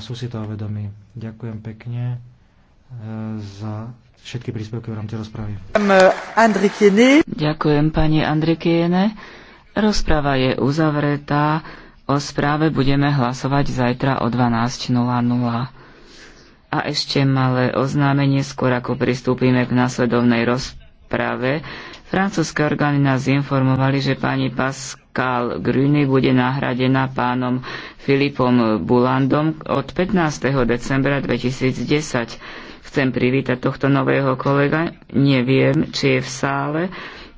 sú si toho vedomí. Ďakujem pekne e, za všetky príspevky v rámci rozpravy. Ďakujem pani Andrikiene. Rozprava je uzavretá. O správe budeme hlasovať zajtra o 12.00. A ešte malé oznámenie, skôr ako pristúpime k nasledovnej rozprave. Francúzske orgány nás informovali, že pani Pask Karl Gruny bude nahradená pánom Filipom Bulandom od 15. decembra 2010. Chcem privítať tohto nového kolega. Neviem, či je v sále,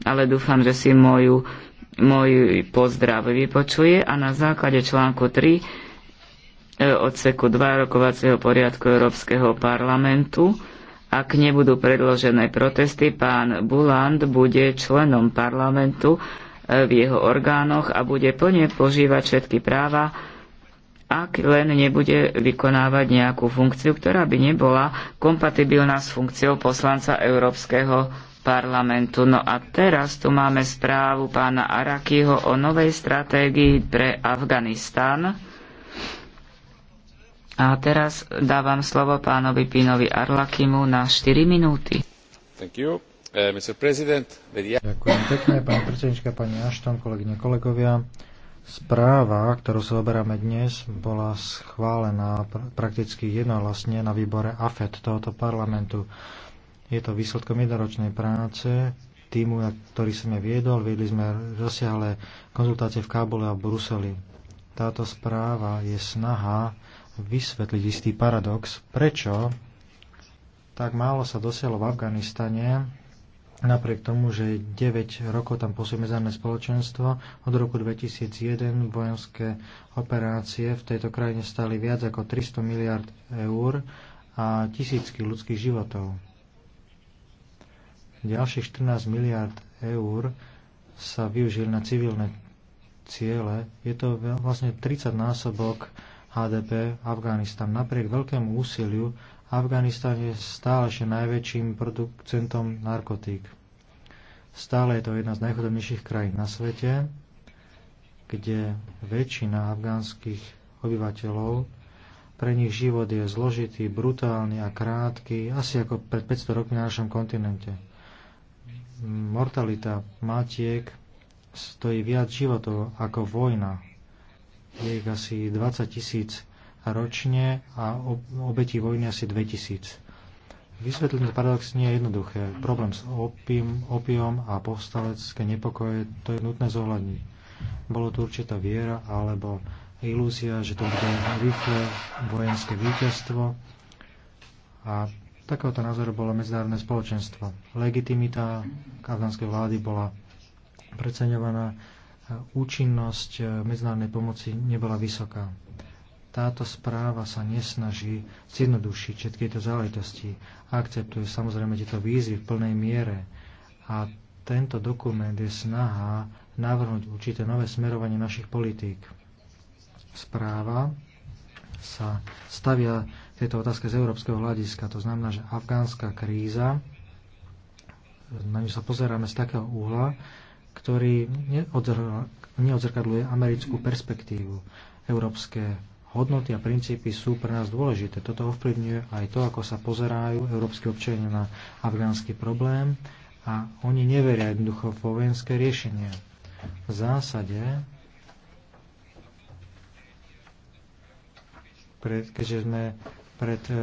ale dúfam, že si moju, môj pozdrav vypočuje a na základe článku 3 e, odseku 2 rokovacieho poriadku Európskeho parlamentu ak nebudú predložené protesty, pán Buland bude členom parlamentu v jeho orgánoch a bude plne požívať všetky práva, ak len nebude vykonávať nejakú funkciu, ktorá by nebola kompatibilná s funkciou poslanca Európskeho parlamentu. No a teraz tu máme správu pána Arakiho o novej stratégii pre Afganistan. A teraz dávam slovo pánovi Pinovi Arlakimu na 4 minúty. Thank you. Eh, Ďakujem pekne, pani predsednička, pani Ashton, kolegyne, kolegovia. Správa, ktorú sa oberáme dnes, bola schválená prakticky jednohlasne na výbore AFET tohoto parlamentu. Je to výsledkom jednoročnej práce týmu, ktorý som ja viedol. Viedli sme rozsiahle konzultácie v Kábule a v Bruseli. Táto správa je snaha vysvetliť istý paradox, prečo tak málo sa dosialo v Afganistane Napriek tomu, že 9 rokov tam pôsobí medzinárodné spoločenstvo, od roku 2001 vojenské operácie v tejto krajine stali viac ako 300 miliard eur a tisícky ľudských životov. Ďalších 14 miliard eur sa využili na civilné ciele. Je to vlastne 30 násobok HDP Afganistan. Napriek veľkému úsiliu Afganistan je stále ešte najväčším producentom narkotík. Stále je to jedna z najchudobnejších krajín na svete, kde väčšina afgánskych obyvateľov, pre nich život je zložitý, brutálny a krátky, asi ako pred 500 rokmi na našom kontinente. Mortalita matiek stojí viac životov ako vojna. Je ich asi 20 tisíc ročne a obetí vojny asi 2 tisíc. Vysvetlenie paradox nie je jednoduché. Problém s opium, opium a povstalecké nepokoje, to je nutné zohľadniť. Bolo tu určitá viera alebo ilúzia, že to bude rýchle vojenské víťazstvo a takéhoto názoru bolo medzinárodné spoločenstvo. Legitimita afgánskej vlády bola preceňovaná, účinnosť medzinárodnej pomoci nebola vysoká táto správa sa nesnaží zjednodušiť všetky tieto záležitosti. Akceptuje samozrejme tieto výzvy v plnej miere a tento dokument je snaha navrhnúť určité nové smerovanie našich politík. Správa sa stavia tejto otázke z európskeho hľadiska. To znamená, že afgánska kríza, na ňu sa pozeráme z takého úhla, ktorý neodzrkadluje americkú perspektívu. Európske hodnoty a princípy sú pre nás dôležité. Toto ovplyvňuje aj to, ako sa pozerajú európsky občania na afgánsky problém a oni neveria jednoducho vo vojenské riešenie. V zásade, pred, keďže sme pred e,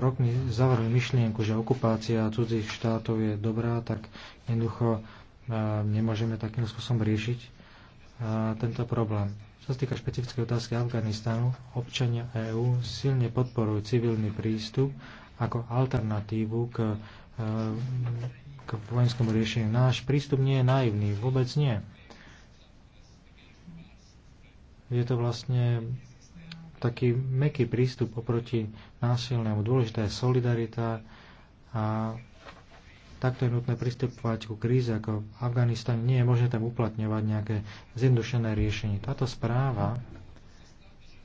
rokmi zavrli myšlienku, že okupácia cudzích štátov je dobrá, tak jednoducho e, nemôžeme takým spôsobom riešiť e, tento problém. Čo sa týka špecifickej otázky Afganistanu, občania EÚ silne podporujú civilný prístup ako alternatívu k, e, k vojenskému riešeniu. Náš prístup nie je naivný, vôbec nie. Je to vlastne taký meký prístup oproti násilnému. Dôležitá je solidarita a Takto je nutné pristupovať ku kríze ako v Afganistane. Nie je možné tam uplatňovať nejaké zjednodušené riešenie. Táto správa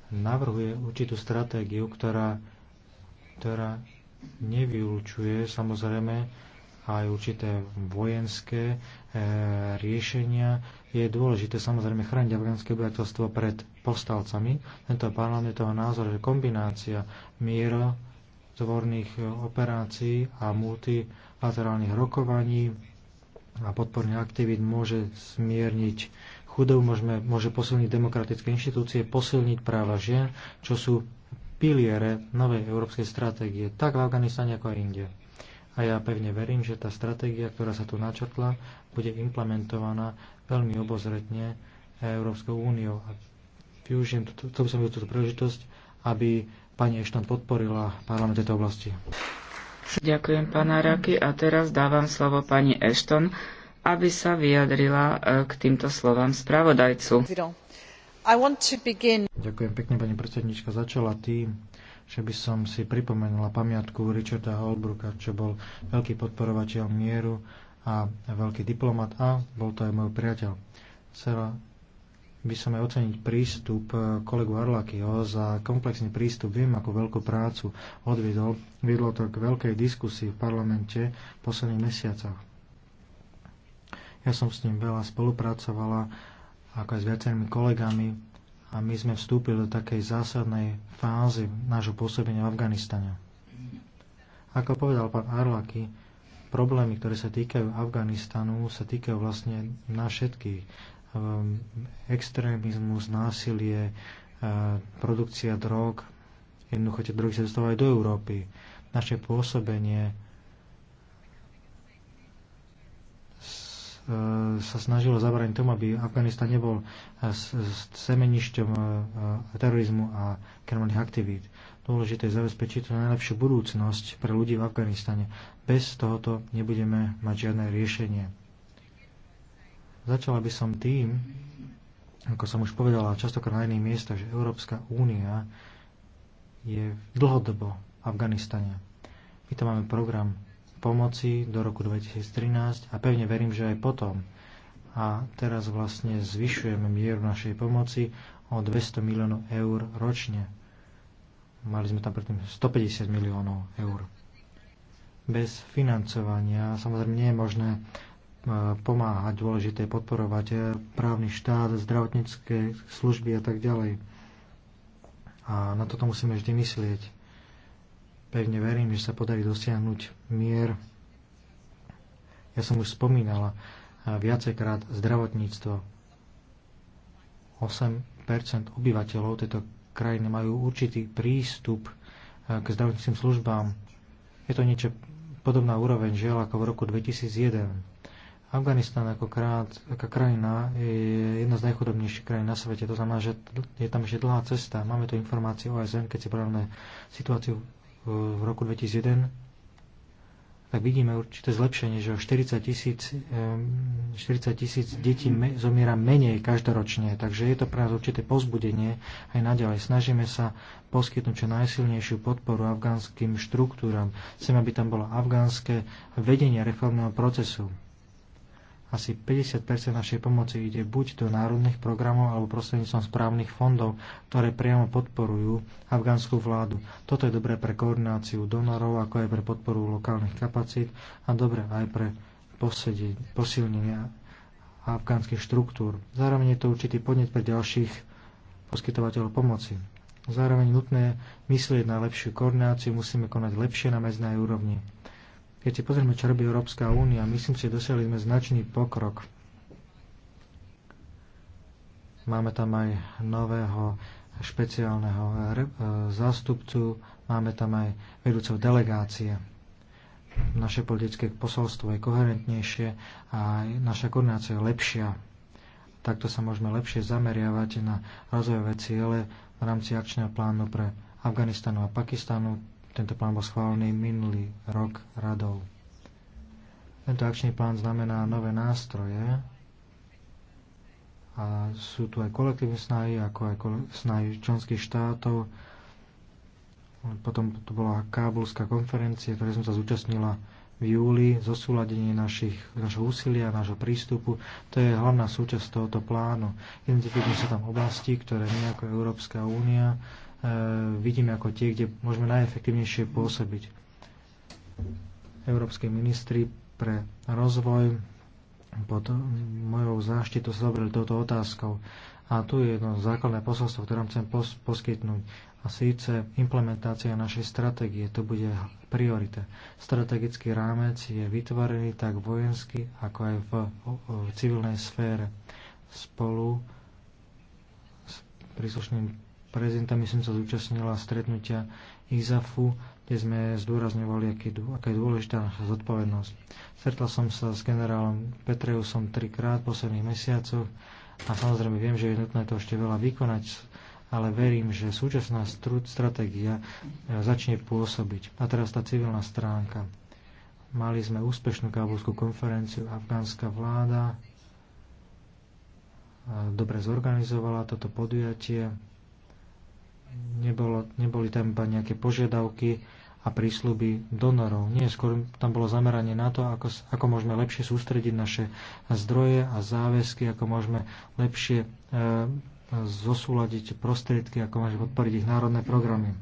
navrhuje určitú stratégiu, ktorá, ktorá nevylučuje samozrejme aj určité vojenské e, riešenia. Je dôležité samozrejme chrániť afgánske obyvateľstvo pred povstalcami. Tento parlament je toho názor, že kombinácia mieru mierotvorných e, operácií a multilaterálnych rokovaní a podporných aktivít môže smierniť chudobu, môžeme, môže posilniť demokratické inštitúcie, posilniť práva žien, čo sú piliere novej európskej stratégie, tak v Afganistane ako aj inde. A ja pevne verím, že tá stratégia, ktorá sa tu načrtla, bude implementovaná veľmi obozretne Európskou úniou. A využijem, to by som túto príležitosť, aby pani Ešton podporila parlament tejto oblasti. Ďakujem, pána Raky A teraz dávam slovo pani Ešton, aby sa vyjadrila e, k týmto slovám spravodajcu. Ďakujem pekne, pani predsednička. Začala tým, že by som si pripomenula pamiatku Richarda Holbrooka, čo bol veľký podporovateľ mieru a veľký diplomat a bol to aj môj priateľ. Chcela by som aj oceniť prístup eh, kolegu Arlakyho za komplexný prístup. Viem, ako veľkú prácu odvedol. Viedlo to k veľkej diskusii v parlamente v posledných mesiacoch. Ja som s ním veľa spolupracovala, ako aj s viacerými kolegami a my sme vstúpili do takej zásadnej fázy nášho pôsobenia v Afganistane. Ako povedal pán Arlaky, problémy, ktoré sa týkajú Afganistanu, sa týkajú vlastne na všetkých Ehm, extrémizmus, násilie, e, produkcia drog. Jednoducho tie drogy sa dostávajú do Európy. Naše pôsobenie e, sa snažilo zabrániť tomu, aby Afganistan nebol e, semenišťom terorizmu a kriminálnych aktivít. Dôležité je zabezpečiť tú najlepšiu budúcnosť pre ľudí v Afganistane. Bez tohoto nebudeme mať žiadne riešenie. Začala by som tým, ako som už povedala častokrát na iných miestach, že Európska únia je dlhodobo v Afganistane. My tam máme program pomoci do roku 2013 a pevne verím, že aj potom. A teraz vlastne zvyšujeme mieru našej pomoci o 200 miliónov eur ročne. Mali sme tam predtým 150 miliónov eur. Bez financovania samozrejme nie je možné pomáhať, dôležité podporovať e, právny štát, zdravotnícke služby a tak ďalej. A na toto musíme vždy myslieť. Pevne verím, že sa podarí dosiahnuť mier. Ja som už spomínala e, viacejkrát zdravotníctvo. 8% obyvateľov tejto krajiny majú určitý prístup e, k zdravotníckým službám. Je to niečo podobná úroveň žiaľ ako v roku 2001 Afganistan ako, krát, ako krajina je jedna z najchudobnejších krajín na svete. To znamená, že je tam ešte dlhá cesta. Máme tu informácie o OSN, keď si porovnáme situáciu e, v roku 2001, tak vidíme určité zlepšenie, že o 40 tisíc 40 e, tisíc detí zomiera menej každoročne. Takže je to pre nás určité pozbudenie aj naďalej. Snažíme sa poskytnúť čo najsilnejšiu podporu afgánskym štruktúram. Chceme, aby tam bolo afgánske vedenie reformného procesu asi 50 našej pomoci ide buď do národných programov alebo prostredníctvom správnych fondov, ktoré priamo podporujú afgánsku vládu. Toto je dobré pre koordináciu donorov, ako aj pre podporu lokálnych kapacít a dobre aj pre posilnenia afgánskych štruktúr. Zároveň je to určitý podnet pre ďalších poskytovateľov pomoci. Zároveň nutné myslieť na lepšiu koordináciu, musíme konať lepšie na medzinárodnej úrovni keď si pozrieme, čo robí Európska únia, myslím si, že dosiahli sme značný pokrok. Máme tam aj nového špeciálneho e, zástupcu, máme tam aj vedúceho delegácie. Naše politické posolstvo je koherentnejšie a aj naša koordinácia je lepšia. Takto sa môžeme lepšie zameriavať na rozvojové ciele v rámci akčného plánu pre Afganistanu a Pakistanu tento plán bol schválený minulý rok radou. Tento akčný plán znamená nové nástroje a sú tu aj kolektívne snahy, ako aj snahy členských štátov. Potom tu bola kábulská konferencia, ktorej som sa zúčastnila v júli, zosúladenie našich, našho úsilia, nášho prístupu. To je hlavná súčasť tohoto plánu. Identifikujú sa tam oblasti, ktoré my ako Európska únia E, vidíme ako tie, kde môžeme najefektívnejšie pôsobiť. Európske ministri pre rozvoj pod mojou záštitou sa zobrali touto otázkou. A tu je jedno základné posolstvo, ktoré chcem pos- poskytnúť. A síce implementácia našej stratégie, to bude priorita. Strategický rámec je vytvorený tak vojensky, ako aj v, v civilnej sfére. Spolu s príslušným prezidentami som sa zúčastnila stretnutia IZAFu, kde sme zdôrazňovali, aká je dôležitá naša zodpovednosť. Stretla som sa s generálom Petreusom trikrát v posledných mesiacoch a samozrejme viem, že je nutné to ešte veľa vykonať, ale verím, že súčasná stratégia e, začne pôsobiť. A teraz tá civilná stránka. Mali sme úspešnú kábulskú konferenciu, afgánska vláda e, dobre zorganizovala toto podujatie nebolo, neboli tam iba nejaké požiadavky a prísľuby donorov. Nie, skôr tam bolo zameranie na to, ako, ako môžeme lepšie sústrediť naše zdroje a záväzky, ako môžeme lepšie e, zosúľadiť prostriedky, ako môžeme podporiť ich národné programy.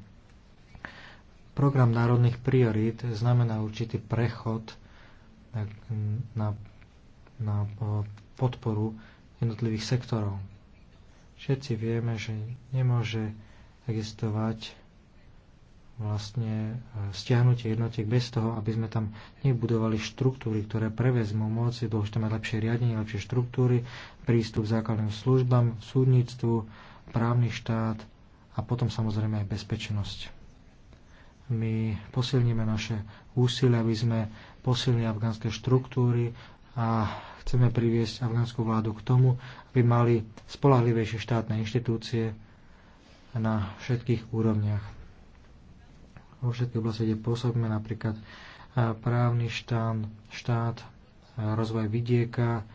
Program národných priorít znamená určitý prechod na, na podporu jednotlivých sektorov. Všetci vieme, že nemôže existovať vlastne e, stiahnutie jednotiek bez toho, aby sme tam nebudovali štruktúry, ktoré prevezmú moc. Je dôležité mať lepšie riadenie, lepšie štruktúry, prístup k základným službám, súdnictvu, právny štát a potom samozrejme aj bezpečnosť. My posilníme naše úsilie, aby sme posilnili afgánske štruktúry a chceme priviesť afgánsku vládu k tomu, aby mali spolahlivejšie štátne inštitúcie, na všetkých úrovniach. Vo všetkých oblastiach, kde pôsobíme, napríklad právny štán, štát, rozvoj vidieka,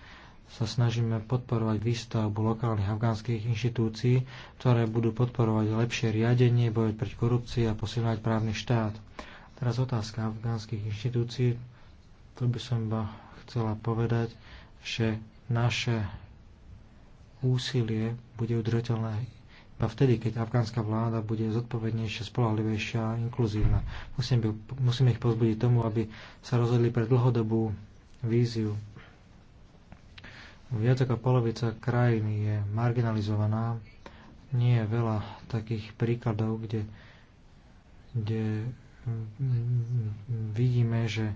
sa snažíme podporovať výstavbu lokálnych afgánskych inštitúcií, ktoré budú podporovať lepšie riadenie, bojovať proti korupcii a posilňovať právny štát. Teraz otázka afgánskych inštitúcií. To by som iba chcela povedať, že naše úsilie bude udržateľné iba vtedy, keď afgánska vláda bude zodpovednejšia, spolahlivejšia a inkluzívna. Musíme, musíme ich pozbudiť tomu, aby sa rozhodli pre dlhodobú víziu. Viac ako polovica krajiny je marginalizovaná. Nie je veľa takých príkladov, kde, kde vidíme, že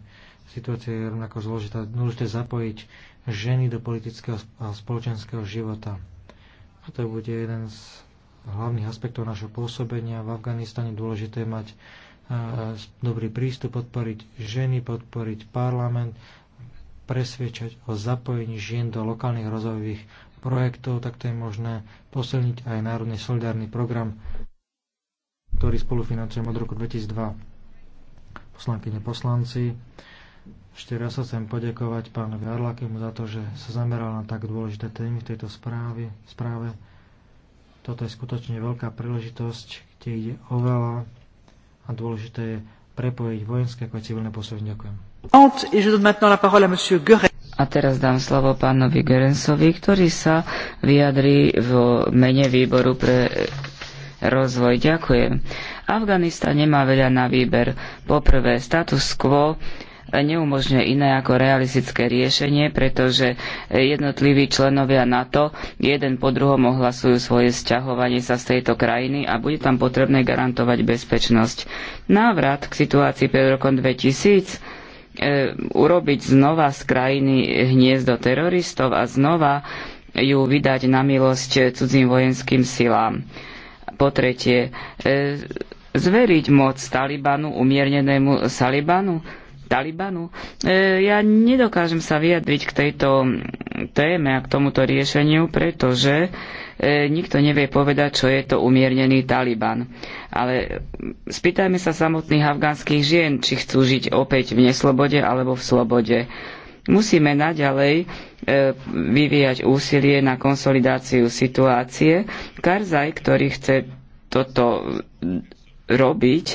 situácia je rovnako zložitá. Dôležité zapojiť ženy do politického a spoločenského života. A to bude jeden z hlavných aspektov našho pôsobenia v Afganistane dôležité mať dobrý prístup, podporiť ženy, podporiť parlament, presviečať o zapojení žien do lokálnych rozvojových projektov, tak to je možné posilniť aj Národný solidárny program, ktorý spolufinancujem od roku 2002. Poslankyne poslanci, ešte raz sa chcem poďakovať pánovi Arlakemu za to, že sa zameral na tak dôležité témy v tejto správe, správe toto je skutočne veľká príležitosť, kde ide o veľa a dôležité je prepojiť vojenské ako aj civilné pôsobenie. Ďakujem. A teraz dám slovo pánovi Gerensovi, ktorý sa vyjadrí v mene výboru pre rozvoj. Ďakujem. Afganistan nemá veľa na výber. Poprvé, status quo neumožňuje iné ako realistické riešenie, pretože jednotliví členovia NATO jeden po druhom ohlasujú svoje sťahovanie sa z tejto krajiny a bude tam potrebné garantovať bezpečnosť. Návrat k situácii pred rokom 2000 e, urobiť znova z krajiny hniezdo teroristov a znova ju vydať na milosť cudzím vojenským silám. Po tretie, e, zveriť moc Talibanu, umiernenému Salibanu, Talibanu. E, ja nedokážem sa vyjadriť k tejto téme a k tomuto riešeniu, pretože e, nikto nevie povedať, čo je to umiernený Taliban. Ale spýtajme sa samotných afgánskych žien, či chcú žiť opäť v neslobode alebo v slobode. Musíme naďalej e, vyvíjať úsilie na konsolidáciu situácie. Karzaj, ktorý chce toto robiť,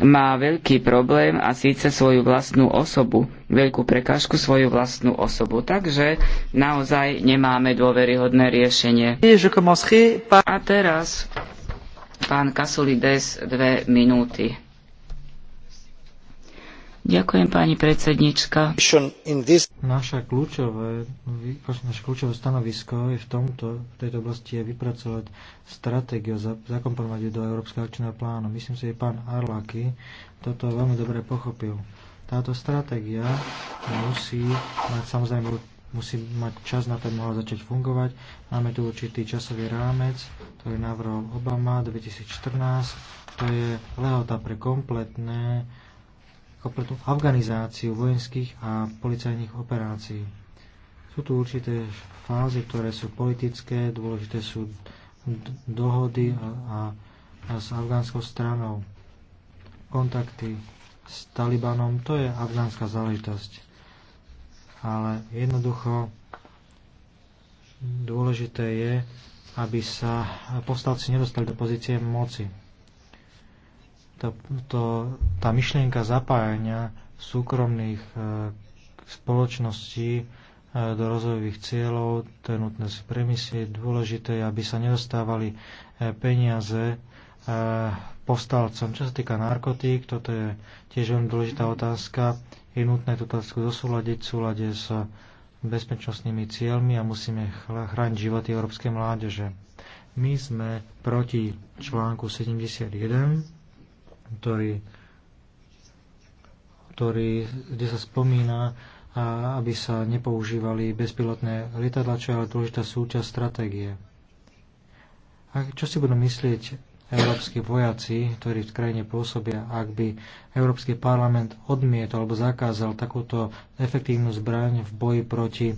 má veľký problém a síce svoju vlastnú osobu, veľkú prekážku svoju vlastnú osobu. Takže naozaj nemáme dôveryhodné riešenie. A teraz pán Kasulides dve minúty. Ďakujem pani predsednička. Naša kľúčové, naše kľúčové stanovisko je v tomto, v tejto oblasti je vypracovať stratégiu, zakomponovať ju do Európskeho akčného plánu. Myslím si, že pán Arlaky toto veľmi dobre pochopil. Táto stratégia musí mať samozrejme musí mať čas na to, mohla začať fungovať. Máme tu určitý časový rámec, ktorý navrhol Obama 2014. To je lehota pre kompletné kompletnú organizáciu vojenských a policajných operácií. Sú tu určité fázy, ktoré sú politické, dôležité sú dohody a, a, a s afgánskou stranou, kontakty s Talibanom, to je afgánska záležitosť. Ale jednoducho dôležité je, aby sa povstalci nedostali do pozície moci to, to, tá myšlienka zapájania súkromných e, spoločností e, do rozvojových cieľov, to je nutné si premyslieť, dôležité je, aby sa nedostávali e, peniaze e, povstalcom. Čo sa týka narkotík, toto je tiež veľmi dôležitá otázka. Je nutné túto otázku zosúľadiť v súlade s bezpečnostnými cieľmi a musíme chrániť životy európskej mládeže. My sme proti článku 71 ktorý, ktorý, kde sa spomína, a aby sa nepoužívali bezpilotné lietadla, čo je ale dôležitá súčasť stratégie. A čo si budú myslieť európsky vojaci, ktorí v krajine pôsobia, ak by Európsky parlament odmietol alebo zakázal takúto efektívnu zbraň v boji proti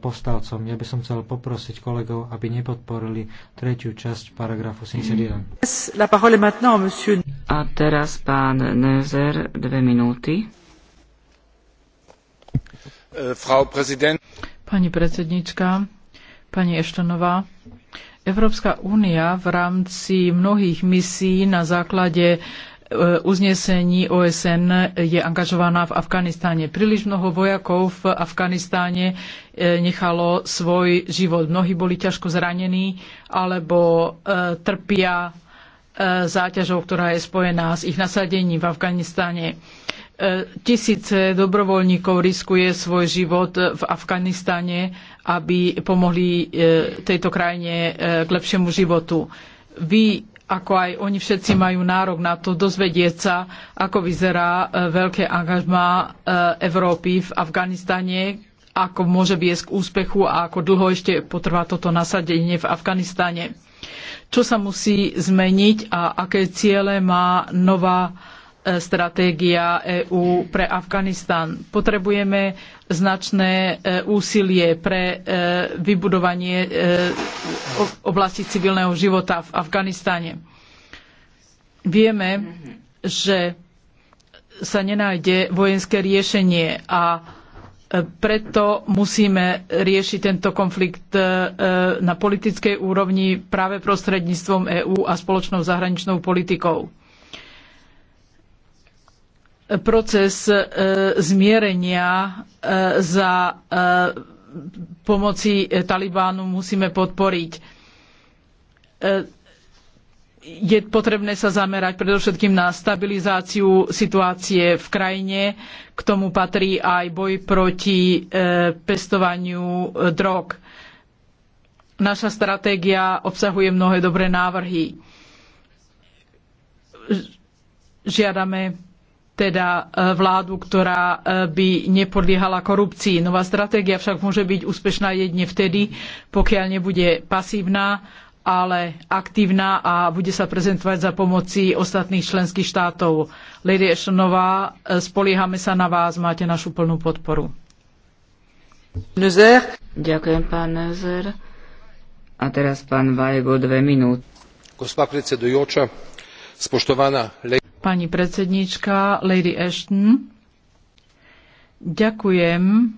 povstalcom. Ja by som chcel poprosiť kolegov, aby nepodporili tretiu časť paragrafu 71. A teraz pán Nezer, dve minúty. Eh, pani predsednička, pani Eštonová, Európska únia v rámci mnohých misií na základe Eh, uznesení OSN je angažovaná v Afganistáne. Príliš mnoho vojakov v Afganistáne eh, nechalo svoj život. Mnohí boli ťažko zranení alebo eh, trpia záťažou, ktorá je spojená s ich nasadením v Afganistáne. Tisíce dobrovoľníkov riskuje svoj život v Afganistane, aby pomohli tejto krajine k lepšiemu životu. Vy ako aj oni všetci majú nárok na to dozvedieť sa, ako vyzerá e, veľké angažma e, Európy v Afganistane, ako môže viesť k úspechu a ako dlho ešte potrvá toto nasadenie v Afganistane. Čo sa musí zmeniť a aké ciele má nová stratégia EÚ pre Afganistan. Potrebujeme značné e, úsilie pre e, vybudovanie e, oblasti civilného života v Afganistane. Vieme, že sa nenájde vojenské riešenie a preto musíme riešiť tento konflikt na politickej úrovni práve prostredníctvom EÚ a spoločnou zahraničnou politikou proces e, zmierenia e, za e, pomoci Talibánu musíme podporiť. Je potrebné sa zamerať predovšetkým na stabilizáciu situácie v krajine. K tomu patrí aj boj proti pestovaniu drog. Naša stratégia obsahuje mnohé dobré návrhy. Žiadame teda e, vládu, ktorá e, by nepodliehala korupcii. Nová stratégia však môže byť úspešná jedne vtedy, pokiaľ nebude pasívna, ale aktívna a bude sa prezentovať za pomoci ostatných členských štátov. Lady Ashtonová, e, spoliehame sa na vás, máte našu plnú podporu. Ďakujem, pán A teraz pán Vajgo, dve minúty. Gospa predsedujúča, spoštovaná Pani predsedníčka, Lady Ashton, ďakujem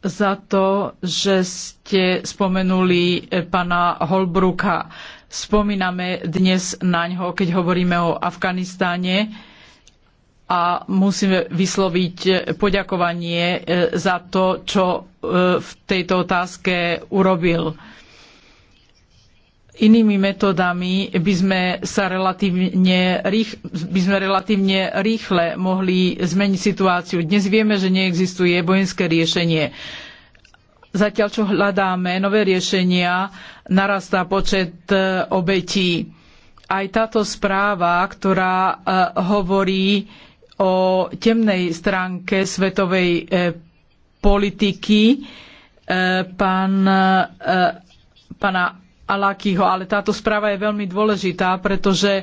za to, že ste spomenuli pana Holbruka. Spomíname dnes naňho, keď hovoríme o Afganistáne a musíme vysloviť poďakovanie e, za to, čo e, v tejto otázke urobil inými metodami by sme sa relatívne, rých, by sme relatívne rýchle mohli zmeniť situáciu. Dnes vieme, že neexistuje vojenské riešenie. Zatiaľ, čo hľadáme nové riešenia, narastá počet e, obetí. Aj táto správa, ktorá e, hovorí o temnej stránke svetovej e, politiky, pán, pána Alakiho, ale táto správa je veľmi dôležitá, pretože e,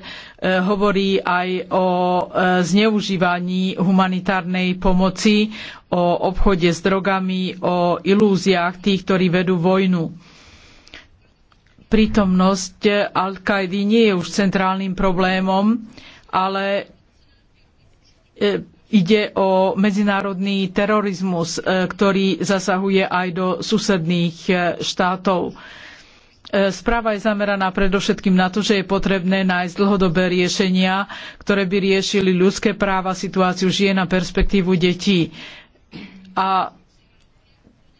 hovorí aj o e, zneužívaní humanitárnej pomoci, o obchode s drogami, o ilúziách tých, ktorí vedú vojnu. Prítomnosť al kaidi nie je už centrálnym problémom, ale e, ide o medzinárodný terorizmus, ktorý zasahuje aj do susedných štátov E, správa je zameraná predovšetkým na to, že je potrebné nájsť dlhodobé riešenia, ktoré by riešili ľudské práva, situáciu žien a perspektívu detí. A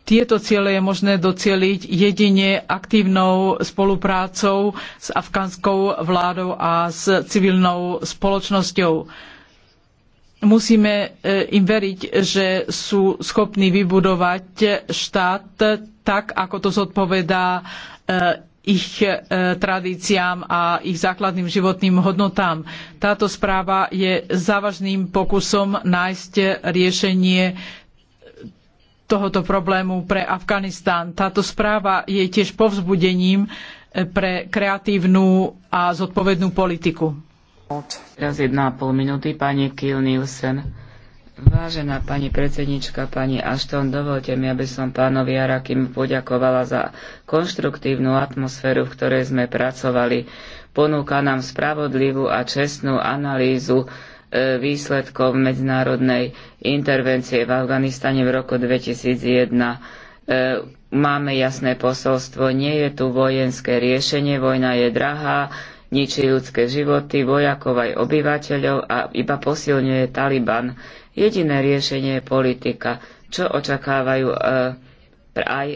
tieto ciele je možné docieliť jedine aktívnou spoluprácou s afgánskou vládou a s civilnou spoločnosťou. Musíme e, im veriť, že sú schopní vybudovať štát tak, ako to zodpovedá Eh, ich eh, tradíciám a ich základným životným hodnotám. Táto správa je závažným pokusom nájsť riešenie tohoto problému pre Afganistán. Táto správa je tiež povzbudením eh, pre kreatívnu a zodpovednú politiku. Teraz jedna pol minúty, pani Kiel Nielsen. Vážená pani predsednička, pani Ašton, dovolte mi, aby som pánovi Arakim poďakovala za konštruktívnu atmosféru, v ktorej sme pracovali. Ponúka nám spravodlivú a čestnú analýzu e, výsledkov medzinárodnej intervencie v Afganistane v roku 2001. E, máme jasné posolstvo, nie je tu vojenské riešenie, vojna je drahá, ničí ľudské životy, vojakov aj obyvateľov a iba posilňuje Taliban. Jediné riešenie je politika, čo očakávajú e, aj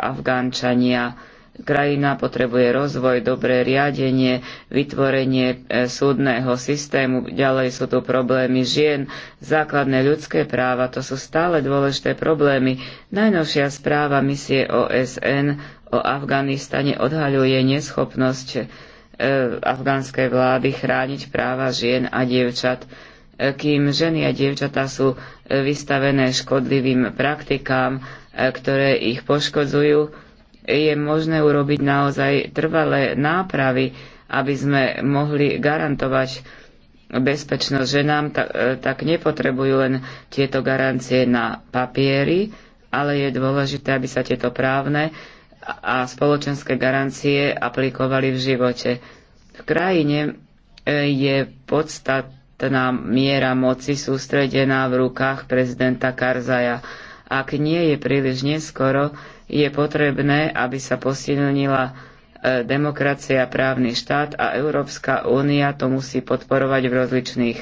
Afgančania. Krajina potrebuje rozvoj, dobré riadenie, vytvorenie e, súdneho systému, ďalej sú tu problémy žien, základné ľudské práva, to sú stále dôležité problémy. Najnovšia správa misie OSN o Afganistane odhaľuje neschopnosť e, afgánskej vlády chrániť práva žien a dievčat kým ženy a dievčatá sú e, vystavené škodlivým praktikám, e, ktoré ich poškodzujú, je možné urobiť naozaj trvalé nápravy, aby sme mohli garantovať bezpečnosť ženám, tak, e, tak nepotrebujú len tieto garancie na papiery, ale je dôležité, aby sa tieto právne a spoločenské garancie aplikovali v živote. V krajine je podstat Samotná miera moci sústredená v rukách prezidenta Karzaja. Ak nie je príliš neskoro, je potrebné, aby sa posilnila e, demokracia, právny štát a Európska únia to musí podporovať v rozličných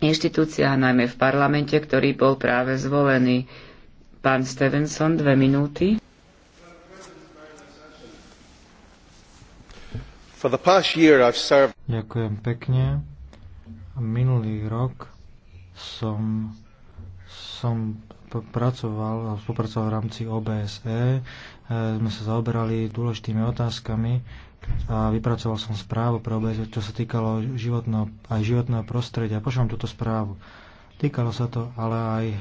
inštitúciách, najmä v parlamente, ktorý bol práve zvolený. Pán Stevenson, dve minúty. Ďakujem pekne. Minulý rok som, som pracoval, spolupracoval v rámci OBSE, e, sme sa zaoberali dôležitými otázkami a vypracoval som správu pre OBSE, čo sa týkalo životno, aj životného prostredia. Pošlám túto správu. Týkalo sa to ale aj e,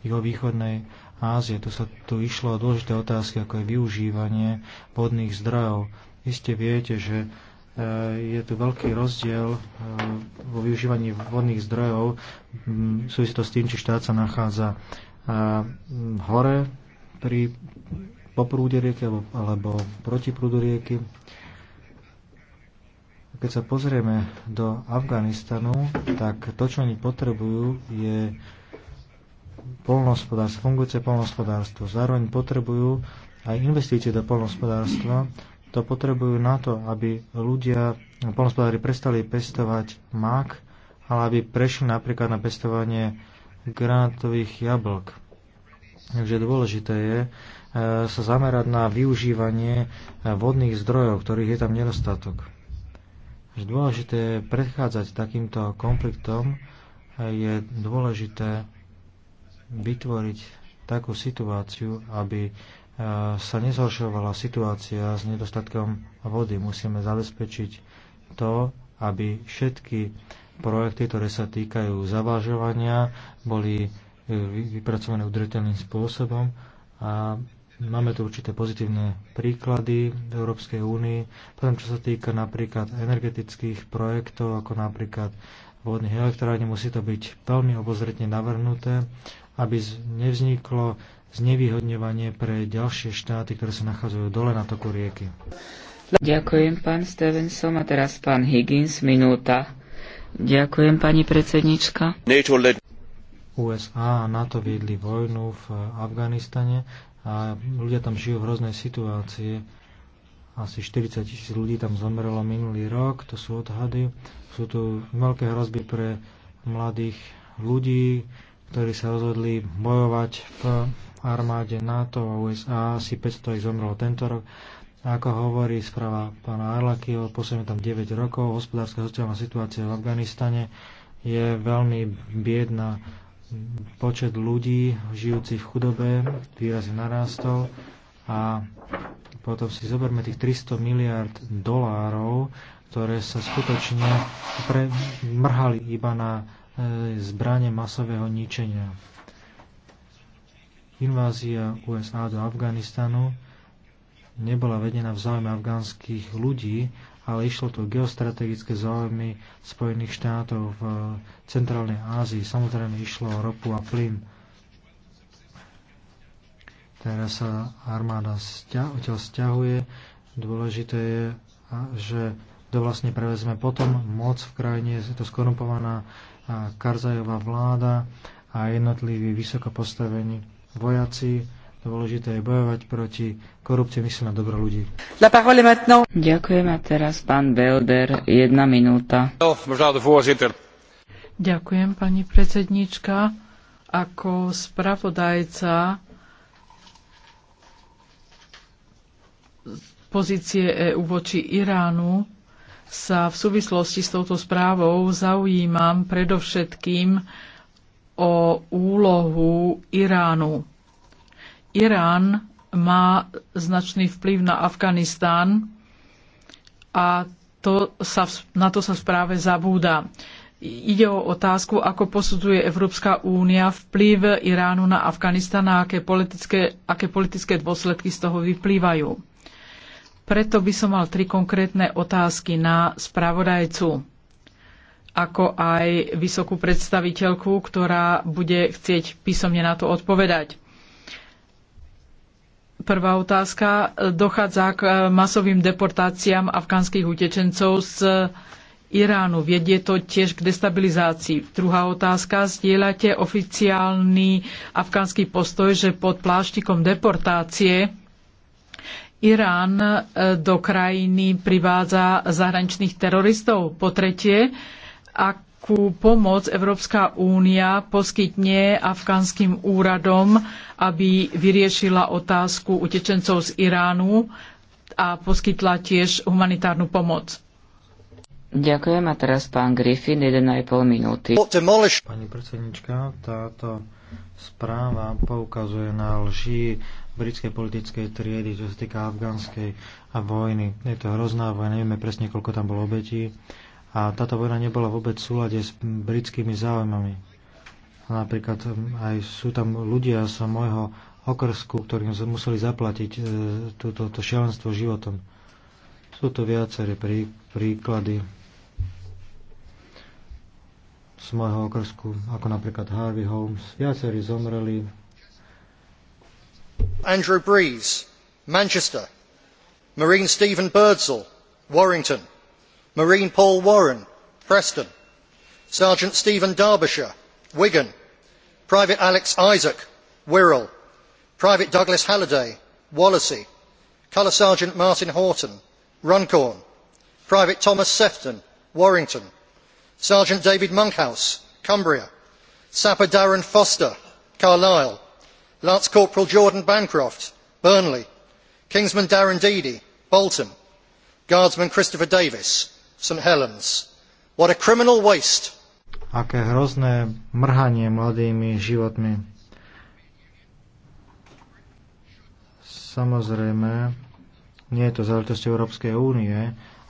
jeho východnej Ázie. Tu sa tu išlo o dôležité otázky, ako je využívanie vodných zdrojov. Iste viete, že Eh, je tu veľký rozdiel eh, vo využívaní vodných zdrojov. Mm, súvisí to s tým, či štát sa nachádza eh, hore pri poprúde rieky alebo, alebo proti prúdu rieky. Keď sa pozrieme do Afganistanu, tak to, čo oni potrebujú, je polnohospodárstvo, fungujúce polnohospodárstvo. Zároveň potrebujú aj investície do polnohospodárstva to potrebujú na to, aby ľudia, polnospodári prestali pestovať mák, ale aby prešli napríklad na pestovanie granátových jablk. Takže dôležité je e, sa zamerať na využívanie e, vodných zdrojov, ktorých je tam nedostatok. Dôležité je predchádzať takýmto konfliktom, je dôležité vytvoriť takú situáciu, aby sa nezhoršovala situácia s nedostatkom vody. Musíme zabezpečiť to, aby všetky projekty, ktoré sa týkajú zavážovania, boli e, vypracované udržateľným spôsobom a máme tu určité pozitívne príklady v Európskej únii. Potom, čo sa týka napríklad energetických projektov, ako napríklad vodných elektrární, musí to byť veľmi obozretne navrhnuté aby nevzniklo znevýhodňovanie pre ďalšie štáty, ktoré sa nachádzajú dole na toku rieky. Ďakujem, pán Stevenson. A teraz pán Higgins, minúta. Ďakujem, pani predsednička. USA a NATO viedli vojnu v Afganistane a ľudia tam žijú v hroznej situácii. Asi 40 tisíc ľudí tam zomrelo minulý rok, to sú odhady. Sú tu veľké hrozby pre mladých ľudí, ktorí sa rozhodli bojovať v armáde NATO a USA, asi 500 ich zomrelo tento rok. Ako hovorí správa pána Arlakyho, posledne tam 9 rokov, hospodárska sociálna situácia v Afganistane je veľmi biedna. Počet ľudí žijúcich v chudobe výrazne narastol a potom si zoberme tých 300 miliard dolárov, ktoré sa skutočne pre, mrhali iba na E, zbranie masového ničenia. Invázia USA do Afganistanu nebola vedená v záujme afgánskych ľudí, ale išlo to geostrategické záujmy Spojených štátov v centrálnej Ázii. Samozrejme išlo o ropu a plyn. Teraz sa armáda odtiaľ stiahuje. Dôležité je, že kto vlastne prevezme potom moc v krajine, je to skorumpovaná Karzajová vláda a jednotliví vysoko postavení vojaci. Dôležité je bojovať proti korupcii, myslím na dobro ľudí. Ďakujem a teraz pán Belder, jedna minúta. Ďakujem, pani predsednička. Ako spravodajca z pozície EU voči Iránu sa v súvislosti s touto správou zaujímam predovšetkým o úlohu Iránu. Irán má značný vplyv na Afganistán a to sa, na to sa správe zabúda. Ide o otázku, ako posudzuje Európska únia vplyv Iránu na Afganistan a aké politické, aké politické dôsledky z toho vyplývajú. Preto by som mal tri konkrétne otázky na spravodajcu ako aj vysokú predstaviteľku, ktorá bude chcieť písomne na to odpovedať. Prvá otázka. Dochádza k eh, masovým deportáciám afgánskych utečencov z Iránu. Viedie to tiež k destabilizácii. Druhá otázka. Zdieľate oficiálny afgánsky postoj, že pod pláštikom deportácie Irán e, do krajiny privádza zahraničných teroristov. Po tretie, akú pomoc Európska únia poskytne afgánskym úradom, aby vyriešila otázku utečencov z Iránu a poskytla tiež humanitárnu pomoc. Ďakujem a teraz pán Griffin, 1,5 minúty. Pani predsednička, táto správa poukazuje na lži britskej politickej triedy, čo sa týka afgánskej vojny. Je to hrozná vojna, nevieme presne, koľko tam bolo obetí. A táto vojna nebola vôbec v súlade s britskými záujmami. Napríklad um, aj sú tam ľudia z môjho okrsku, ktorým museli zaplatiť e, túto to šialenstvo životom. Sú to viaceré prí, príklady z môjho okrsku, ako napríklad Harvey Holmes. Viacerí zomreli andrew Brees, manchester marine stephen birdsall warrington marine paul warren preston sergeant stephen derbyshire wigan private alex isaac wirral private douglas halliday wallasey colour sergeant martin horton runcorn private thomas sefton warrington sergeant david monkhouse cumbria sapper darren foster carlisle lance corporal jordan bancroft burnley kingsman darren deedy bolton guardsman christopher davis st helens. what a criminal waste! aké hrozné mrhanie mladými životmi. Samozrejme, nie je to záležitosť Európskej únie,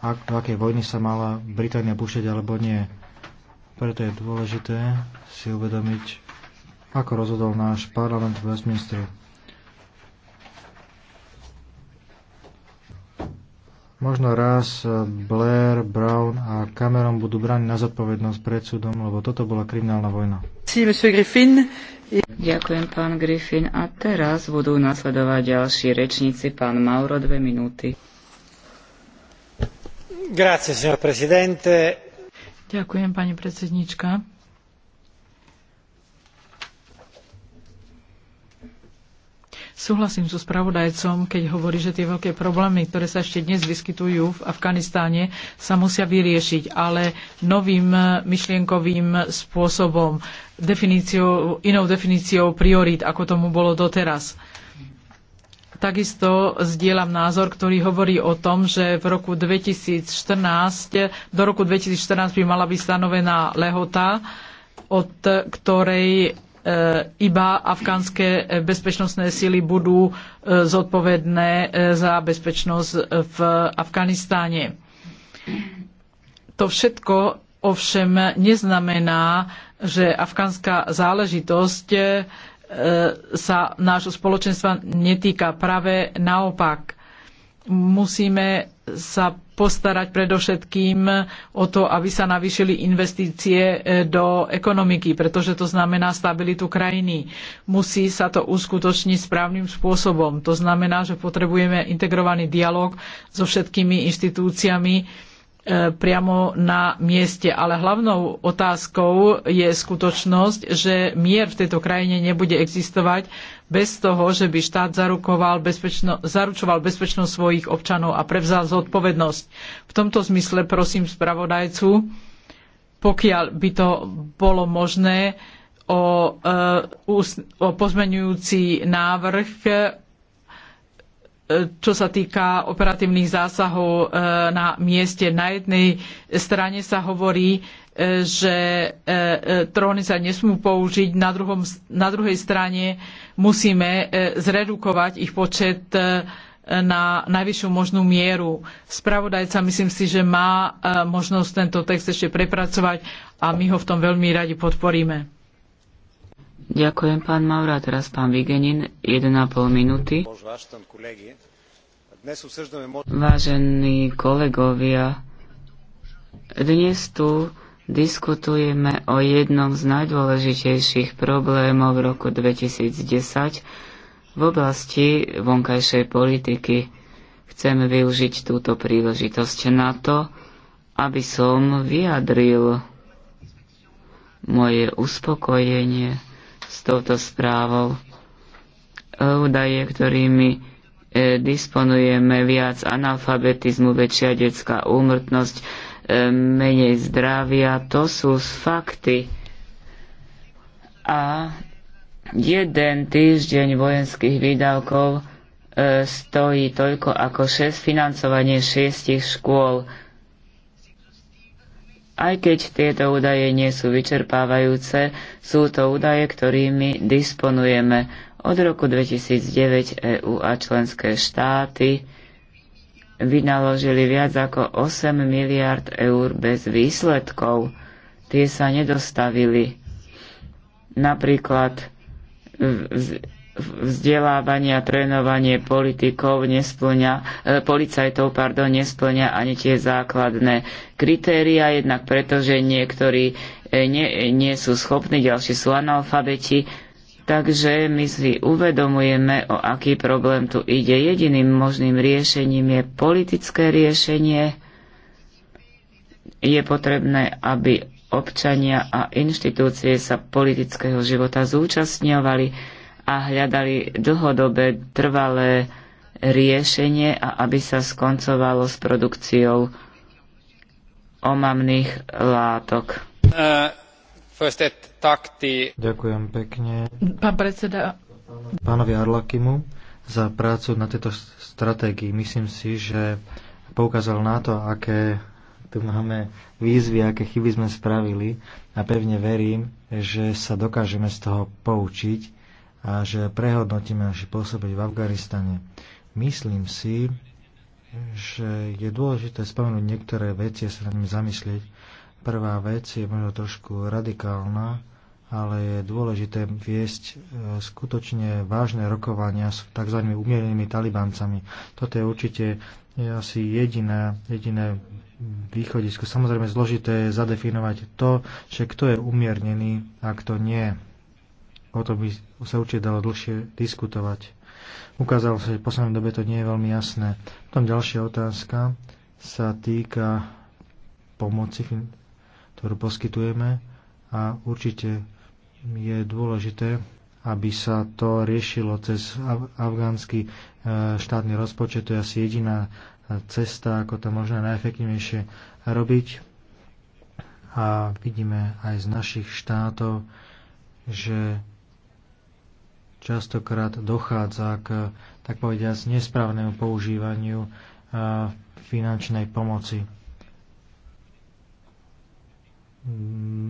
ak, do akej vojny sa mala Británia púšťať alebo nie. Preto je dôležité si uvedomiť, ako rozhodol náš parlament v Westminsteru. Možno raz Blair, Brown a Cameron budú bráni na zodpovednosť pred súdom, lebo toto bola kriminálna vojna. Ďakujem, pán Griffin. A teraz budú nasledovať ďalší rečníci, pán Mauro, dve minúty. Grazie, signor presidente. Ďakujem, pani predsednička. Súhlasím so spravodajcom, keď hovorí, že tie veľké problémy, ktoré sa ešte dnes vyskytujú v Afganistáne, sa musia vyriešiť, ale novým myšlienkovým spôsobom, definíciou, inou definíciou priorít, ako tomu bolo doteraz. Takisto zdieľam názor, ktorý hovorí o tom, že v roku 2014, do roku 2014 by mala byť stanovená lehota, od ktorej E, iba afgánske bezpečnostné sily budú e, zodpovedné e, za bezpečnosť v Afganistáne. To všetko ovšem neznamená, že afgánska záležitosť sa nášho spoločenstva netýka. Práve naopak, musíme sa postarať predovšetkým o to, aby sa navýšili investície e, do ekonomiky, pretože to znamená stabilitu krajiny. Musí sa to uskutočniť správnym spôsobom. To znamená, že potrebujeme integrovaný dialog so všetkými inštitúciami, E, priamo na mieste. Ale hlavnou otázkou je skutočnosť, že mier v tejto krajine nebude existovať bez toho, že by štát bezpečno, zaručoval bezpečnosť svojich občanov a prevzal zodpovednosť. V tomto zmysle prosím spravodajcu, pokiaľ by to bolo možné, o, e, o pozmenujúci návrh E, čo sa týka operatívnych zásahov e, na mieste. Na jednej strane sa hovorí, e, že tróny sa nesmú použiť, na, druhom, na druhej strane musíme zredukovať ich počet na najvyššiu možnú mieru. Spravodajca myslím si, že má možnosť tento text ešte prepracovať a my ho v tom veľmi radi podporíme. Ďakujem, pán Maura. teraz pán Vigenin, 1,5 minúty. Vážení kolegovia, dnes tu diskutujeme o jednom z najdôležitejších problémov v roku 2010 v oblasti vonkajšej politiky. Chcem využiť túto príležitosť na to, aby som vyjadril moje uspokojenie s touto správou. Údaje, ktorými e, disponujeme viac analfabetizmu, väčšia detská úmrtnosť, e, menej zdravia, to sú fakty. A jeden týždeň vojenských výdavkov e, stojí toľko ako šest financovanie šiestich škôl. Aj keď tieto údaje nie sú vyčerpávajúce, sú to údaje, ktorými disponujeme od roku 2009 EU a členské štáty vynaložili viac ako 8 miliard eur bez výsledkov. Tie sa nedostavili. Napríklad vzdelávanie a trénovanie politikov nesplňa, e, policajtov pardon, nesplňa ani tie základné kritéria, jednak preto, že niektorí e, nie, e, nie sú schopní, ďalší sú analfabeti. Takže my si uvedomujeme, o aký problém tu ide. Jediným možným riešením je politické riešenie. Je potrebné, aby občania a inštitúcie sa politického života zúčastňovali a hľadali dlhodobé trvalé riešenie a aby sa skoncovalo s produkciou omamných látok. Uh, Ďakujem pekne. Pán predseda. Pánovi Arlakimu za prácu na tejto stratégii. Myslím si, že poukázal na to, aké tu máme výzvy, aké chyby sme spravili a pevne verím, že sa dokážeme z toho poučiť a že prehodnotíme naše pôsobenie v Afganistane. Myslím si, že je dôležité spomenúť niektoré veci a sa nad nimi zamyslieť. Prvá vec je možno trošku radikálna, ale je dôležité viesť e, skutočne vážne rokovania s tzv. umierenými talibancami. Toto je určite e, asi jediné, jediné východisko. Samozrejme zložité je zadefinovať to, že kto je umiernený a kto nie o to by sa určite dalo dlhšie diskutovať. Ukázalo sa, že v poslednej dobe to nie je veľmi jasné. Potom ďalšia otázka sa týka pomoci, ktorú poskytujeme a určite je dôležité, aby sa to riešilo cez afgánsky e, štátny rozpočet. To je asi jediná cesta, ako to možno najefektívnejšie robiť. A vidíme aj z našich štátov, že častokrát dochádza k, tak povediať, nesprávnemu používaniu finančnej pomoci.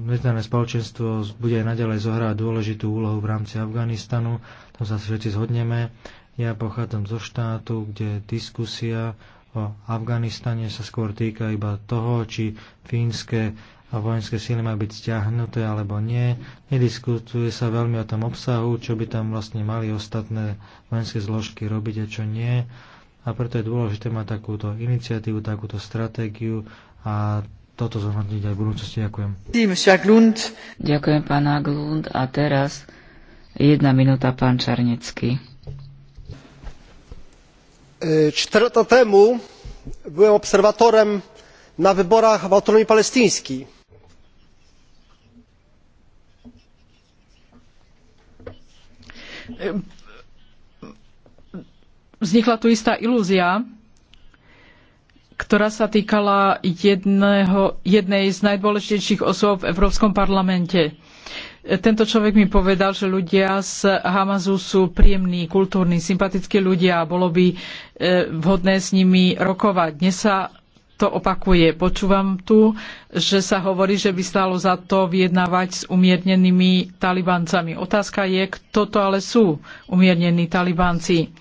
Medzinárodné spoločenstvo bude aj naďalej zohrávať dôležitú úlohu v rámci Afganistanu, to sa všetci zhodneme. Ja pochádzam zo štátu, kde diskusia o Afganistane sa skôr týka iba toho, či fínske a vojenské síly majú byť stiahnuté alebo nie. Nediskutuje sa veľmi o tom obsahu, čo by tam vlastne mali ostatné vojenské zložky robiť a čo nie. A preto je dôležité mať takúto iniciatívu, takúto stratégiu a toto zhodniť aj v budúcnosti. Ďakujem. Ďakujem, pán Aglund. A teraz jedna minúta, pán Čarnecký. 4 lata temu byłem obserwatorem na wyborach w autonomii palestyńskiej Ehm, vznikla tu istá ilúzia, ktorá sa týkala jedného, jednej z najdôležitejších osôb v Európskom parlamente. Tento človek mi povedal, že ľudia z Hamazu sú príjemní, kultúrni, sympatickí ľudia a bolo by e, vhodné s nimi rokovať. Dnes sa to opakuje. Počúvam tu, že sa hovorí, že by stalo za to vyjednávať s umiernenými talibancami. Otázka je, kto to ale sú umiernení talibanci.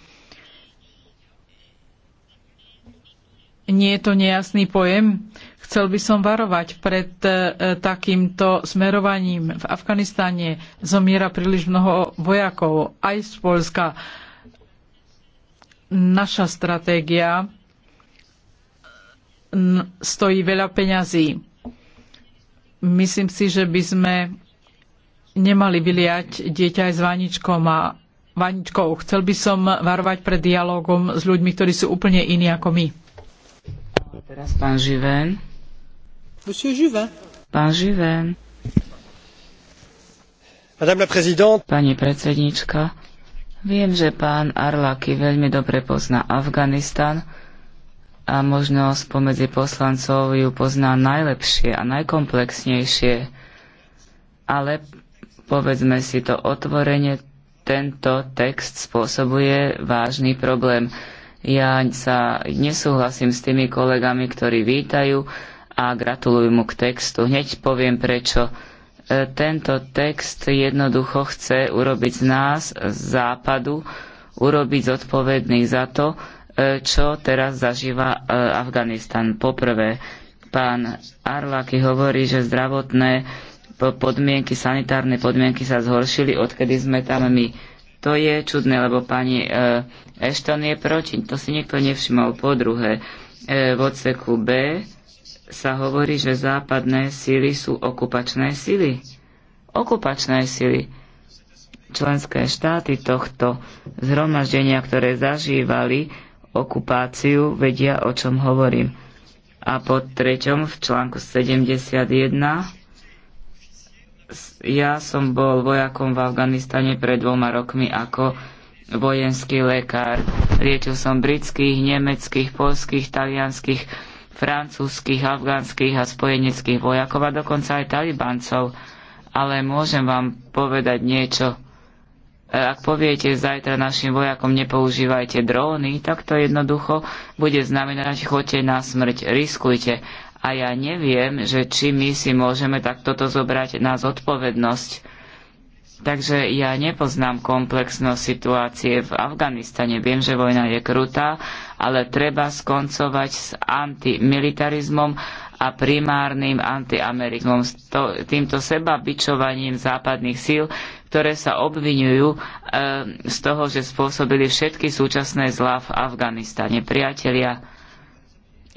Nie je to nejasný pojem. Chcel by som varovať pred e, takýmto smerovaním. V Afganistane zomiera príliš mnoho vojakov, aj z Polska. Naša stratégia stojí veľa peňazí. Myslím si, že by sme nemali vyliať dieťa aj s vaničkom a vaničkou. Chcel by som varovať pred dialogom s ľuďmi, ktorí sú úplne iní ako my. A teraz pán Živen. Živen. Pán Živen. Madame la présidente. Pani predsednička, viem, že pán Arlaki veľmi dobre pozná Afganistan, a možno spomedzi poslancov ju pozná najlepšie a najkomplexnejšie. Ale povedzme si to otvorenie tento text spôsobuje vážny problém. Ja sa nesúhlasím s tými kolegami, ktorí vítajú a gratulujú mu k textu. Hneď poviem prečo. E, tento text jednoducho chce urobiť z nás, z západu, urobiť zodpovedných za to, E, čo teraz zažíva e, Afganistan. Poprvé, pán Arlaki hovorí, že zdravotné podmienky, sanitárne podmienky sa zhoršili, odkedy sme tam my. To je čudné, lebo pani e, Ashton je proti. To si niekto nevšimol. Po druhé, v odseku B sa hovorí, že západné síly sú okupačné síly. Okupačné síly. Členské štáty tohto zhromaždenia, ktoré zažívali, okupáciu, vedia, o čom hovorím. A po treťom v článku 71 ja som bol vojakom v Afganistane pred dvoma rokmi ako vojenský lekár. Liečil som britských, nemeckých, polských, talianských, francúzskych, afgánskych a spojeneckých vojakov a dokonca aj talibancov. Ale môžem vám povedať niečo E, ak poviete zajtra našim vojakom nepoužívajte dróny, tak to jednoducho bude znamenať chote na smrť, riskujte. A ja neviem, že či my si môžeme tak toto zobrať na zodpovednosť. Takže ja nepoznám komplexnosť situácie v Afganistane. Viem, že vojna je krutá, ale treba skoncovať s antimilitarizmom a primárnym antiamerizmom, s týmto sebabičovaním západných síl, ktoré sa obvinujú e, z toho, že spôsobili všetky súčasné zlá v Afganistane. Priatelia,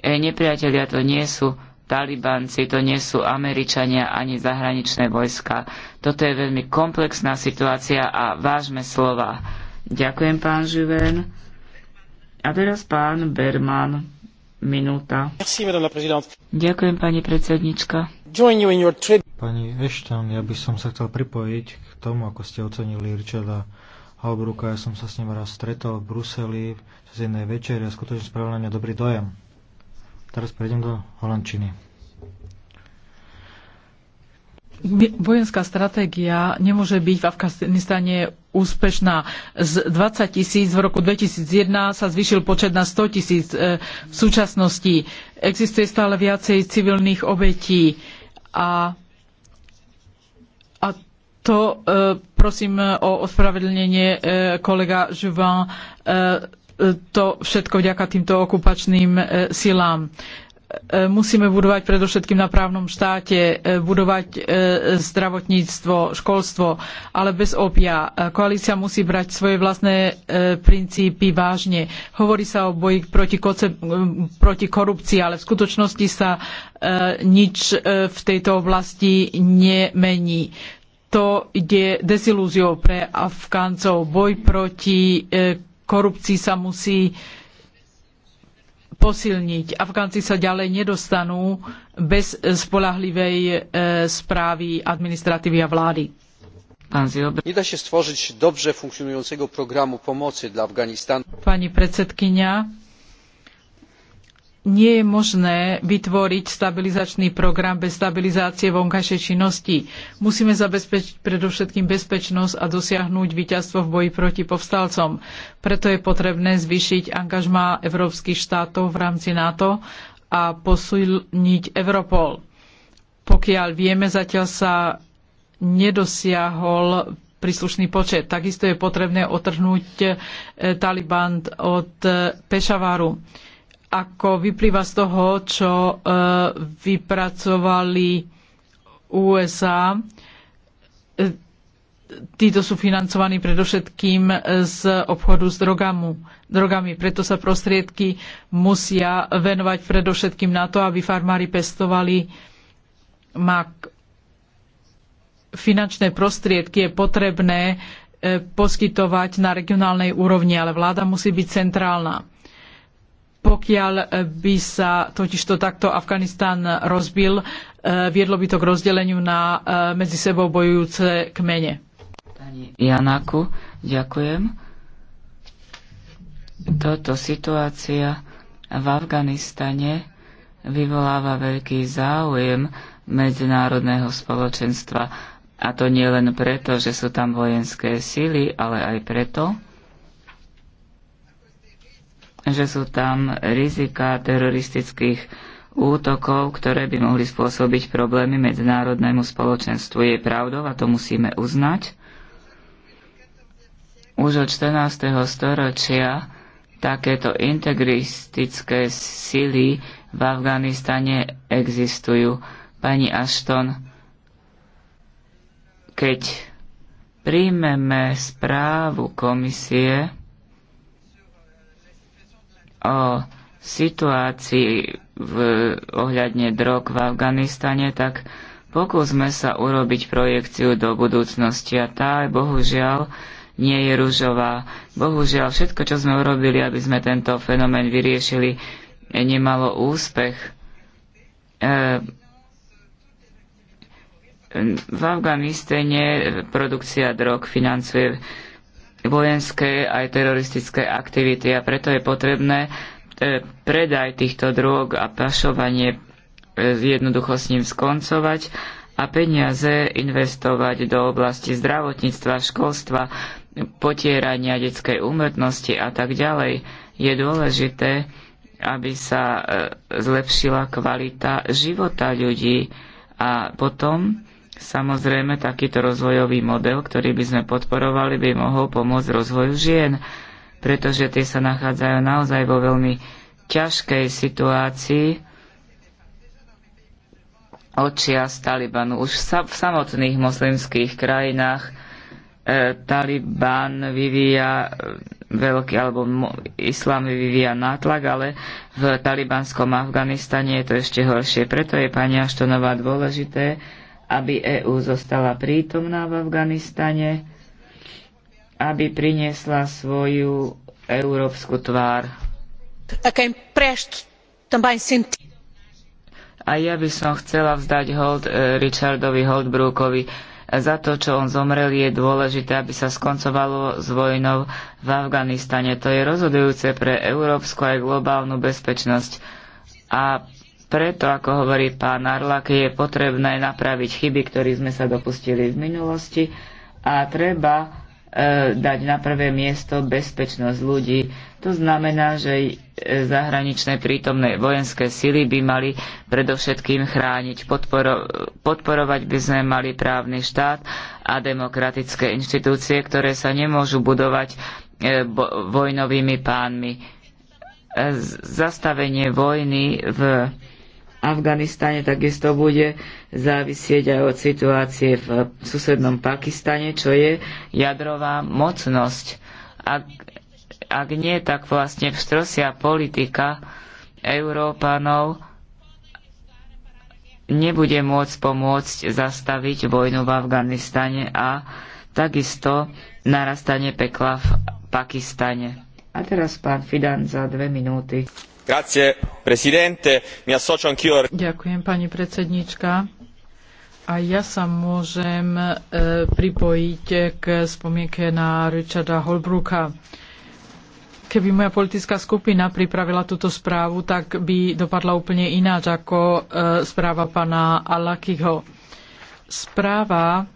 e, nepriatelia to nie sú talibanci, to nie sú Američania ani zahraničné vojska. Toto je veľmi komplexná situácia a vážme slova. Ďakujem, pán Živen. A teraz pán Berman. Minúta. Ďakujem, pani predsednička. Pani Ashton, ja by som sa chcel pripojiť k tomu, ako ste ocenili Richarda Halbruka. Ja som sa s ním raz stretol v Bruseli z jednej večere a skutočne spravil na mňa dobrý dojem. Teraz prejdem do Holandčiny. Vojenská stratégia nemôže byť v Afganistane úspešná. Z 20 tisíc v roku 2001 sa zvyšil počet na 100 tisíc e, v súčasnosti. Existuje stále viacej civilných obetí a, a to e, prosím o ospravedlnenie e, kolega e, e, to všetko vďaka týmto okupačným silám. E, musíme budovať predovšetkým na právnom štáte, e, budovať e, zdravotníctvo, školstvo, ale bez opia. Koalícia musí brať svoje vlastné princípy vážne. Hovorí sa o boji proti, koce, proti korupcii, ale v skutočnosti sa nič v tejto oblasti nemení to ide desilúziou pre Afgáncov. Boj proti korupcii sa musí posilniť. Afgánci sa ďalej nedostanú bez spolahlivej e, správy administratívy a vlády. Nie da się stworzyć dobrze funkcjonującego programu pomocy dla Afganistanu. Pani predsedkynia, nie je možné vytvoriť stabilizačný program bez stabilizácie vonkajšej činnosti. Musíme zabezpečiť predovšetkým bezpečnosť a dosiahnuť víťazstvo v boji proti povstalcom. Preto je potrebné zvýšiť angažmá európskych štátov v rámci NATO a posilniť Europol. Pokiaľ vieme, zatiaľ sa nedosiahol príslušný počet. Takisto je potrebné otrhnúť eh, Taliban od eh, Pešavaru ako vyplýva z toho, čo e, vypracovali USA, e, títo sú financovaní predovšetkým z obchodu s drogamu, drogami. Preto sa prostriedky musia venovať predovšetkým na to, aby farmári pestovali mak. Finančné prostriedky je potrebné e, poskytovať na regionálnej úrovni, ale vláda musí byť centrálna. Pokiaľ by sa totižto takto Afganistan rozbil, eh, viedlo by to k rozdeleniu na eh, medzi sebou bojujúce kmene. Janáku, ďakujem. Toto situácia v Afganistane vyvoláva veľký záujem medzinárodného spoločenstva. A to nie len preto, že sú tam vojenské sily, ale aj preto, že sú tam rizika teroristických útokov, ktoré by mohli spôsobiť problémy medzinárodnému spoločenstvu. Je pravdou a to musíme uznať. Už od 14. storočia takéto integristické sily v Afganistane existujú. Pani Ashton, keď príjmeme správu komisie, o situácii v, ohľadne drog v Afganistane, tak pokúsme sa urobiť projekciu do budúcnosti a tá bohužiaľ nie je rúžová. Bohužiaľ všetko, čo sme urobili, aby sme tento fenomén vyriešili, nemalo úspech. E, v Afganistane produkcia drog financuje vojenské aj teroristické aktivity a preto je potrebné e, predaj týchto drog a pašovanie e, jednoducho s ním skoncovať a peniaze investovať do oblasti zdravotníctva, školstva, potierania detskej úmrtnosti a tak ďalej. Je dôležité, aby sa e, zlepšila kvalita života ľudí a potom Samozrejme, takýto rozvojový model, ktorý by sme podporovali, by mohol pomôcť rozvoju žien, pretože tie sa nachádzajú naozaj vo veľmi ťažkej situácii odčia z Talibanu. Už v samotných moslimských krajinách e, Taliban vyvíja e, veľký, alebo islám vyvíja nátlak, ale v talibanskom Afganistane je to ešte horšie. Preto je pani Aštonová dôležité, aby EÚ zostala prítomná v Afganistane, aby priniesla svoju európsku tvár. A ja by som chcela vzdať hold e, Richardovi Holdbrookovi. Za to, čo on zomrel, je dôležité, aby sa skoncovalo s vojnou v Afganistane. To je rozhodujúce pre európsku aj globálnu bezpečnosť. A preto, ako hovorí pán Arlak, je potrebné napraviť chyby, ktorých sme sa dopustili v minulosti a treba e, dať na prvé miesto bezpečnosť ľudí. To znamená, že e, zahraničné prítomné vojenské sily by mali predovšetkým chrániť, podporo, podporovať by sme mali právny štát a demokratické inštitúcie, ktoré sa nemôžu budovať e, bo, vojnovými pánmi. E, zastavenie vojny v Afganistane takisto bude závisieť aj od situácie v susednom Pakistane, čo je jadrová mocnosť. Ak, ak nie, tak vlastne vstrosia politika Európanov nebude môcť pomôcť zastaviť vojnu v Afganistane a takisto narastanie pekla v Pakistane. A teraz pán Fidan za dve minúty. Grazie, Ďakujem, pani predsedníčka. A ja sa môžem e, pripojiť k spomienke na Richarda Holbrooka. Keby moja politická skupina pripravila túto správu, tak by dopadla úplne ináč ako e, správa pána Alakiho. Správa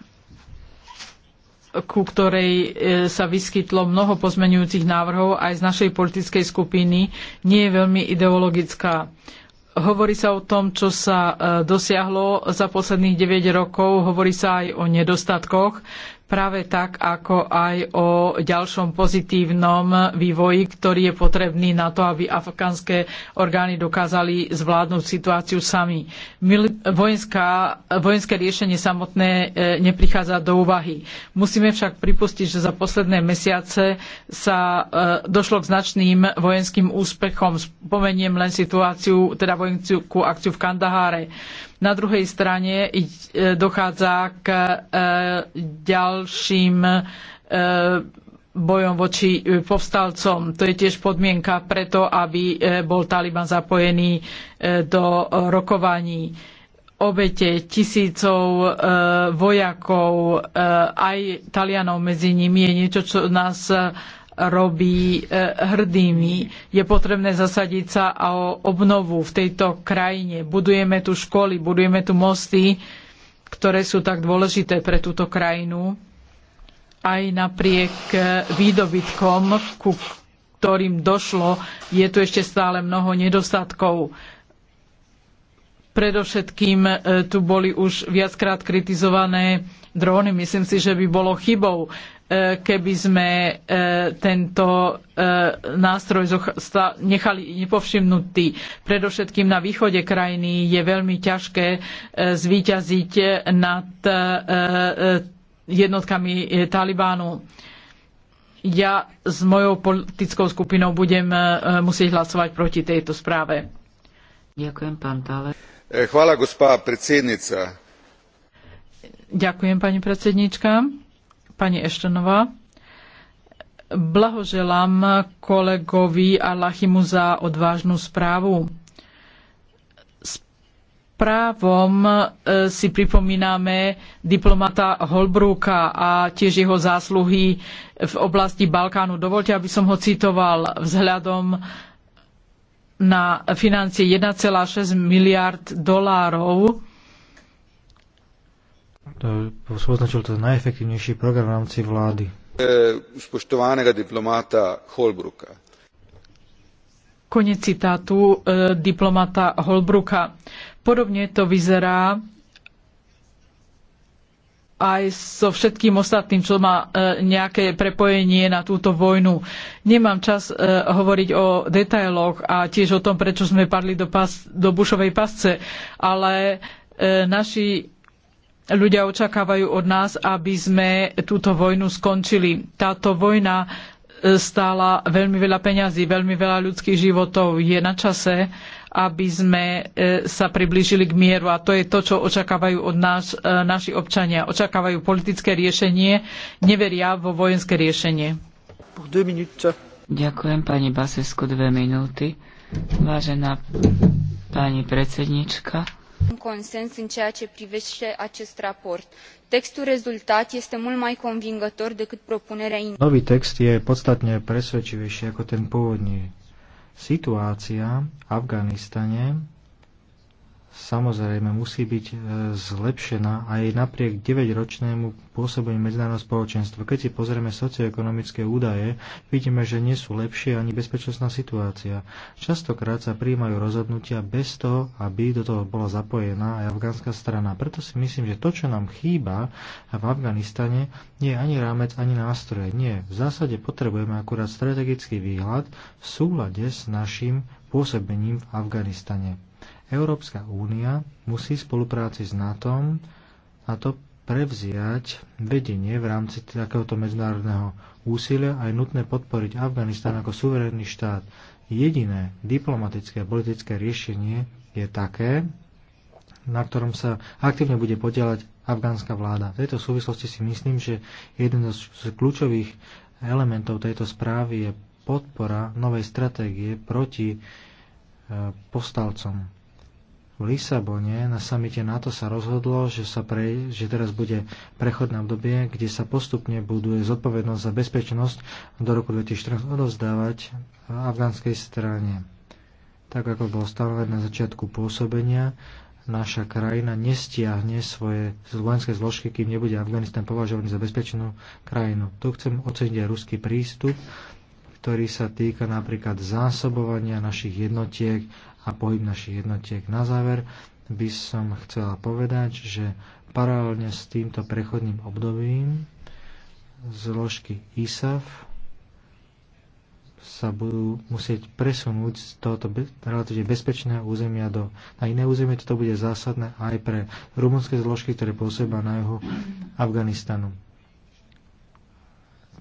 ku ktorej e, sa vyskytlo mnoho pozmenujúcich návrhov aj z našej politickej skupiny, nie je veľmi ideologická. Hovorí sa o tom, čo sa e, dosiahlo za posledných 9 rokov, hovorí sa aj o nedostatkoch, práve tak ako aj o ďalšom pozitívnom vývoji, ktorý je potrebný na to, aby afgánske orgány dokázali zvládnuť situáciu sami. Vojenská, vojenské riešenie samotné e, neprichádza do úvahy. Musíme však pripustiť, že za posledné mesiace sa e, došlo k značným vojenským úspechom. Spomeniem len situáciu, teda vojenskú akciu v Kandaháre na druhej strane e, dochádza k e, ďalším e, bojom voči povstalcom. To je tiež podmienka preto, aby bol Taliban zapojený do rokovaní obete tisícov vojakov, aj Talianov medzi nimi je niečo, čo nás robí e, hrdými. Je potrebné zasadiť sa o obnovu v tejto krajine. Budujeme tu školy, budujeme tu mosty, ktoré sú tak dôležité pre túto krajinu. Aj napriek e, výdobytkom, ku ktorým došlo, je tu ešte stále mnoho nedostatkov. Predovšetkým e, tu boli už viackrát kritizované dróny. Myslím si, že by bolo chybou E, keby sme e, tento e, nástroj nechali nepovšimnutý. Predovšetkým na východe krajiny je veľmi ťažké zvíťaziť nad jednotkami Talibánu. Ja s mojou politickou skupinou budem musieť hlasovať proti tejto správe. Ďakujem, pán Chvála, predsednica. Ďakujem, pani predsednička pani Eštenová. Blahoželám kolegovi Alachimu za odvážnu správu. S právom e, si pripomíname diplomata Holbrúka a tiež jeho zásluhy v oblasti Balkánu. Dovolte, aby som ho citoval vzhľadom na financie 1,6 miliard dolárov som označil to najefektívnejší program v rámci vlády. E, Spoštovaného diplomáta Holbruka. Konec citátu e, diplomata Holbruka. Podobne to vyzerá aj so všetkým ostatným, čo má e, nejaké prepojenie na túto vojnu. Nemám čas e, hovoriť o detailoch a tiež o tom, prečo sme padli do, pas, do Bušovej pasce, ale e, naši ľudia očakávajú od nás, aby sme túto vojnu skončili. Táto vojna e, stála veľmi veľa peňazí, veľmi veľa ľudských životov. Je na čase, aby sme e, sa priblížili k mieru a to je to, čo očakávajú od nás e, naši občania. Očakávajú politické riešenie, neveria vo vojenské riešenie. Ďakujem pani Basesku dve minúty. Vážená pani predsednička, un consens în ceea ce privete acest raport. textul rezultat este mult mai convingător decât propunerea iniială. nový text je podstatne presvedčivejší ako ten pôvodný. Situácia v Afganistane samozrejme musí byť e, zlepšená aj napriek 9-ročnému pôsobeniu medzinárodného spoločenstva. Keď si pozrieme socioekonomické údaje, vidíme, že nie sú lepšie ani bezpečnostná situácia. Častokrát sa príjmajú rozhodnutia bez toho, aby do toho bola zapojená aj afgánska strana. Preto si myslím, že to, čo nám chýba v Afganistane, nie je ani rámec, ani nástroje. Nie. V zásade potrebujeme akurát strategický výhľad v súlade s našim pôsobením v Afganistane. Európska únia musí v spolupráci s NATO a to prevziať vedenie v rámci takéhoto medzinárodného úsilia a je nutné podporiť Afganistan ako suverénny štát. Jediné diplomatické a politické riešenie je také, na ktorom sa aktívne bude podielať afgánska vláda. V tejto súvislosti si myslím, že jeden z kľúčových elementov tejto správy je podpora novej stratégie proti e, povstalcom v Lisabone na samite NATO sa rozhodlo, že, sa pre, že teraz bude prechodné obdobie, kde sa postupne buduje zodpovednosť za bezpečnosť do roku 2014 odovzdávať afgánskej strane. Tak ako bolo stanovené na začiatku pôsobenia, naša krajina nestiahne svoje vojenské zložky, kým nebude Afganistan považovaný za bezpečnú krajinu. Tu chcem oceniť aj ruský prístup, ktorý sa týka napríklad zásobovania našich jednotiek a pohyb našich jednotiek. Na záver by som chcela povedať, že paralelne s týmto prechodným obdobím zložky ISAF sa budú musieť presunúť z tohoto relatívne bezpečného územia do, na iné územie. Toto bude zásadné aj pre rumunské zložky, ktoré pôsobia na juhu Afganistanu.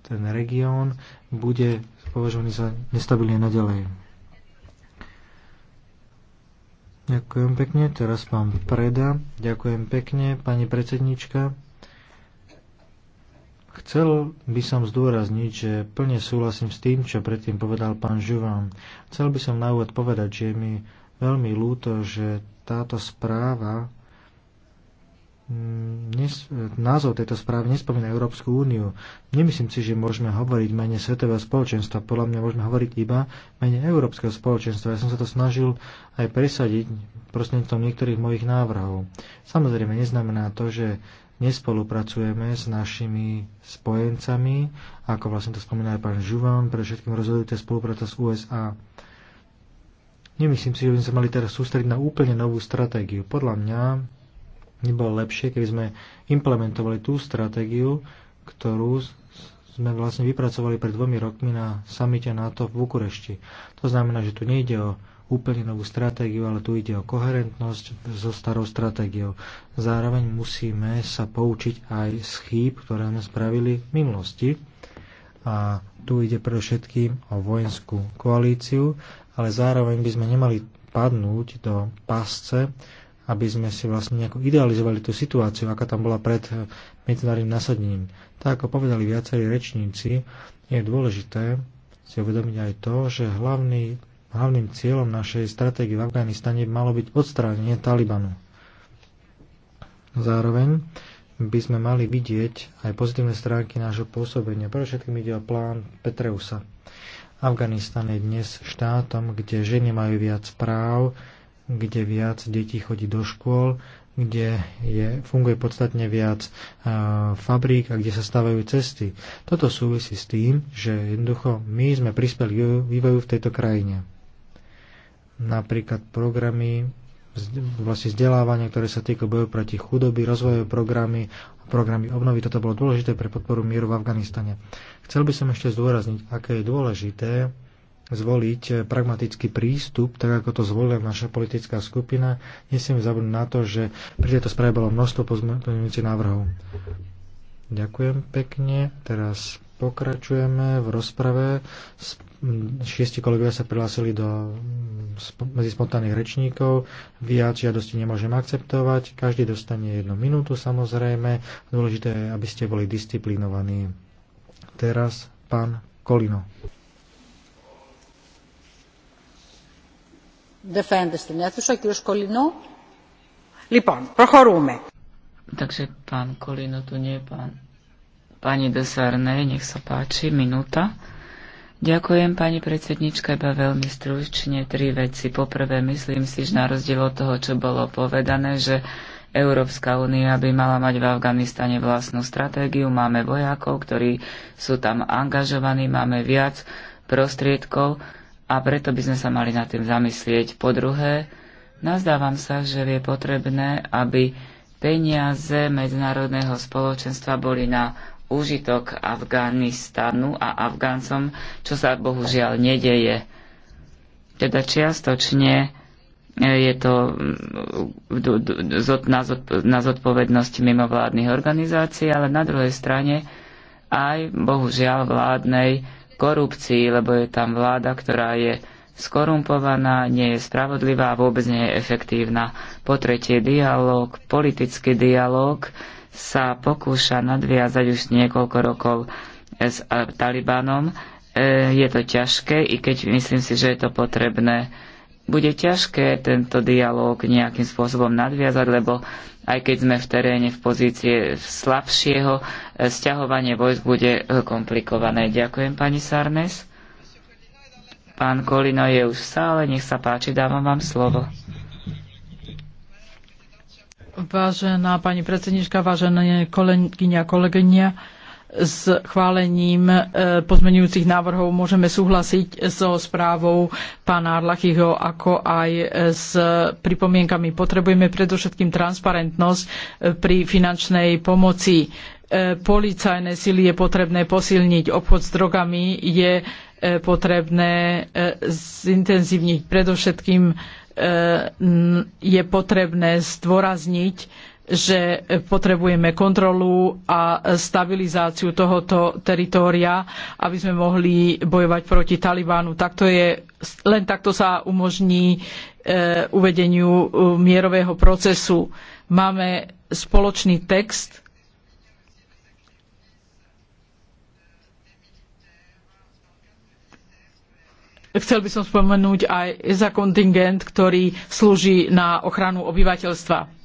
Ten región bude považovaný za nestabilne naďalej. Ďakujem pekne, teraz pán Preda. Ďakujem pekne, pani predsednička. Chcel by som zdôrazniť, že plne súhlasím s tým, čo predtým povedal pán Žuvan. Chcel by som na úvod povedať, že je mi veľmi ľúto, že táto správa názov tejto správy nespomína Európsku úniu. Nemyslím si, že môžeme hovoriť mene svetového spoločenstva. Podľa mňa môžeme hovoriť iba mene Európskeho spoločenstva. Ja som sa to snažil aj presadiť prostredníctvom niektorých mojich návrhov. Samozrejme, neznamená to, že nespolupracujeme s našimi spojencami, ako vlastne to spomína aj pán Žuvan, pre všetkým rozhodujúce spolupráca s USA. Nemyslím si, že by sme sa mali teraz sústrediť na úplne novú stratégiu. Podľa mňa nebolo lepšie, keby sme implementovali tú stratégiu, ktorú sme vlastne vypracovali pred dvomi rokmi na samite NATO v Bukurešti. To znamená, že tu nejde o úplne novú stratégiu, ale tu ide o koherentnosť so starou stratégiou. Zároveň musíme sa poučiť aj z chýb, ktoré sme spravili v minulosti. A tu ide predovšetkým o vojenskú koalíciu, ale zároveň by sme nemali padnúť do pásce, aby sme si vlastne nejako idealizovali tú situáciu, aká tam bola pred eh, medzinárodným nasadením. Tak ako povedali viacerí rečníci, je dôležité si uvedomiť aj to, že hlavný, hlavným cieľom našej stratégie v Afganistane malo byť odstránenie Talibanu. Zároveň by sme mali vidieť aj pozitívne stránky nášho pôsobenia. Pre všetkým ide o plán Petreusa. Afganistan je dnes štátom, kde ženy majú viac práv, kde viac detí chodí do škôl, kde je, funguje podstatne viac a, fabrík a kde sa stavajú cesty. Toto súvisí s tým, že jednoducho my sme prispeli vývoju v tejto krajine. Napríklad programy vlastne vzdelávania, ktoré sa týka boju proti chudoby, rozvojové programy, programy obnovy. Toto bolo dôležité pre podporu mieru v Afganistane. Chcel by som ešte zdôrazniť, aké je dôležité zvoliť eh, pragmatický prístup, tak ako to zvolila naša politická skupina. Nesmieme zabudnúť na to, že pri tejto správe bolo množstvo pozmeňujúcich návrhov. Ďakujem pekne. Teraz pokračujeme v rozprave. Šiesti kolegovia sa prihlásili do, mm, medzi spontánnych rečníkov. Viac žiadosti nemôžem akceptovať. Každý dostane jednu minútu samozrejme. Dôležité je, aby ste boli disciplinovaní. Teraz pán Kolino. Takže pán Kolino tu nie, pán. Pani Desarnej, nech sa páči, minúta. Ďakujem, pani predsednička, iba veľmi stručne tri veci. Poprvé, myslím si, že na rozdiel od toho, čo bolo povedané, že Európska únia by mala mať v Afganistane vlastnú stratégiu. Máme vojakov, ktorí sú tam angažovaní, máme viac prostriedkov a preto by sme sa mali nad tým zamyslieť. Po druhé, nazdávam sa, že je potrebné, aby peniaze medzinárodného spoločenstva boli na úžitok Afganistanu a Afgáncom, čo sa bohužiaľ nedeje. Teda čiastočne e, je to mm, na zodpovednosti mimovládnych organizácií, ale na druhej strane aj bohužiaľ vládnej korupcii, lebo je tam vláda, ktorá je skorumpovaná, nie je spravodlivá a vôbec nie je efektívna. Po tretie, dialog, politický dialog sa pokúša nadviazať už niekoľko rokov s eh, Talibanom. E, eh, je to ťažké, i keď myslím si, že je to potrebné bude ťažké tento dialog nejakým spôsobom nadviazať, lebo aj keď sme v teréne v pozície slabšieho, e, sťahovanie vojsk bude e, komplikované. Ďakujem, pani Sarnes. Pán Kolino je už v sále, nech sa páči, dávam vám slovo. Vážená pani predsednička, vážené kolegyňa, kolegyňa, s chválením e, pozmenujúcich návrhov môžeme súhlasiť so správou pána Arlachyho, ako aj s pripomienkami. Potrebujeme predovšetkým transparentnosť e, pri finančnej pomoci. E, policajné sily je potrebné posilniť, obchod s drogami je potrebné zintenzívniť. Predovšetkým je potrebné zdôrazniť že potrebujeme kontrolu a stabilizáciu tohoto teritória, aby sme mohli bojovať proti Talibánu. Takto je, len takto sa umožní e, uvedeniu e, mierového procesu. Máme spoločný text, Chcel by som spomenúť aj za kontingent, ktorý slúži na ochranu obyvateľstva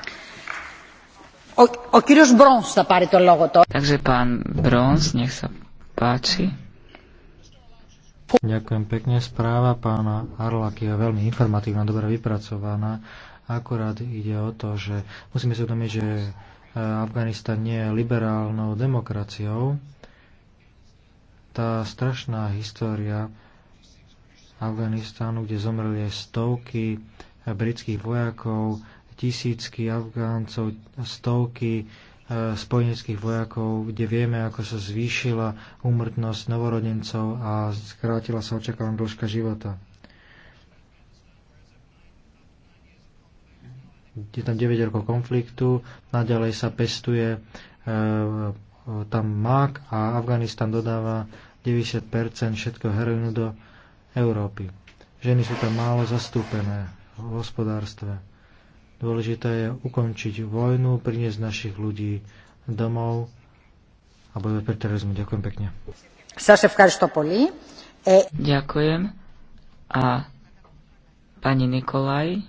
Takže pán Bronz, nech sa páči. Ďakujem pekne. Správa pána Arlak je veľmi informatívna, dobre vypracovaná. Akurát ide o to, že musíme si uvedomiť, že e, Afganistan nie je liberálnou demokraciou. Tá strašná história Afganistánu, kde zomreli aj stovky britských vojakov, tisícky Afgáncov, stovky e, spojeneckých vojakov, kde vieme, ako sa zvýšila úmrtnosť novorodencov a skrátila sa očakávaná dĺžka života. Je tam 9 rokov konfliktu, naďalej sa pestuje e, tam mák a Afganistan dodáva 90% všetkého heroinu do Európy. Ženy sú tam málo zastúpené v hospodárstve Dôležité je ukončiť vojnu, priniesť našich ľudí domov a bojovať pre terorizmu. Ďakujem pekne. E- Ďakujem. A pani Nikolaj?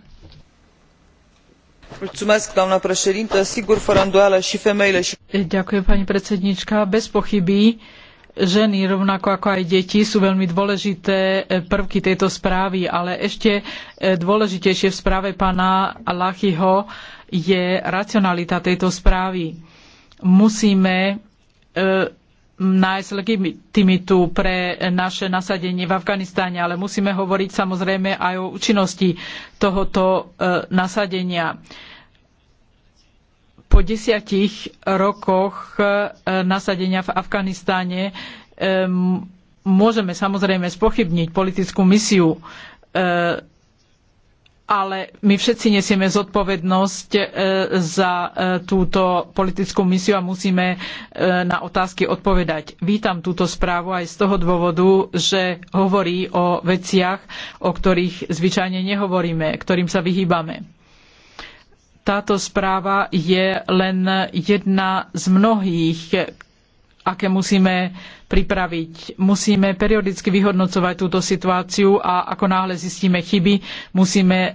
Ďakujem, pani predsednička. Bez pochyby ženy, rovnako ako aj deti, sú veľmi dôležité eh, prvky tejto správy, ale ešte eh, dôležitejšie v správe pána Lachyho je racionalita tejto správy. Musíme eh, nájsť legitimitu pre naše nasadenie v Afganistáne, ale musíme hovoriť samozrejme aj o účinnosti tohoto nasadenia. E, po desiatich rokoch e, nasadenia v Afganistáne e, môžeme samozrejme spochybniť politickú misiu, e, ale my všetci nesieme zodpovednosť za túto politickú misiu a musíme na otázky odpovedať. Vítam túto správu aj z toho dôvodu, že hovorí o veciach, o ktorých zvyčajne nehovoríme, ktorým sa vyhýbame táto správa je len jedna z mnohých, aké musíme pripraviť. Musíme periodicky vyhodnocovať túto situáciu a ako náhle zistíme chyby, musíme eh,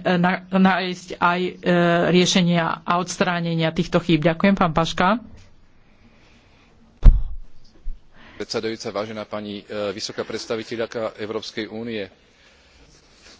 nájsť aj eh, riešenia a odstránenia týchto chýb. Ďakujem, pán Paška. Predsedajúca, vážená pani eh, vysoká predstaviteľka Európskej únie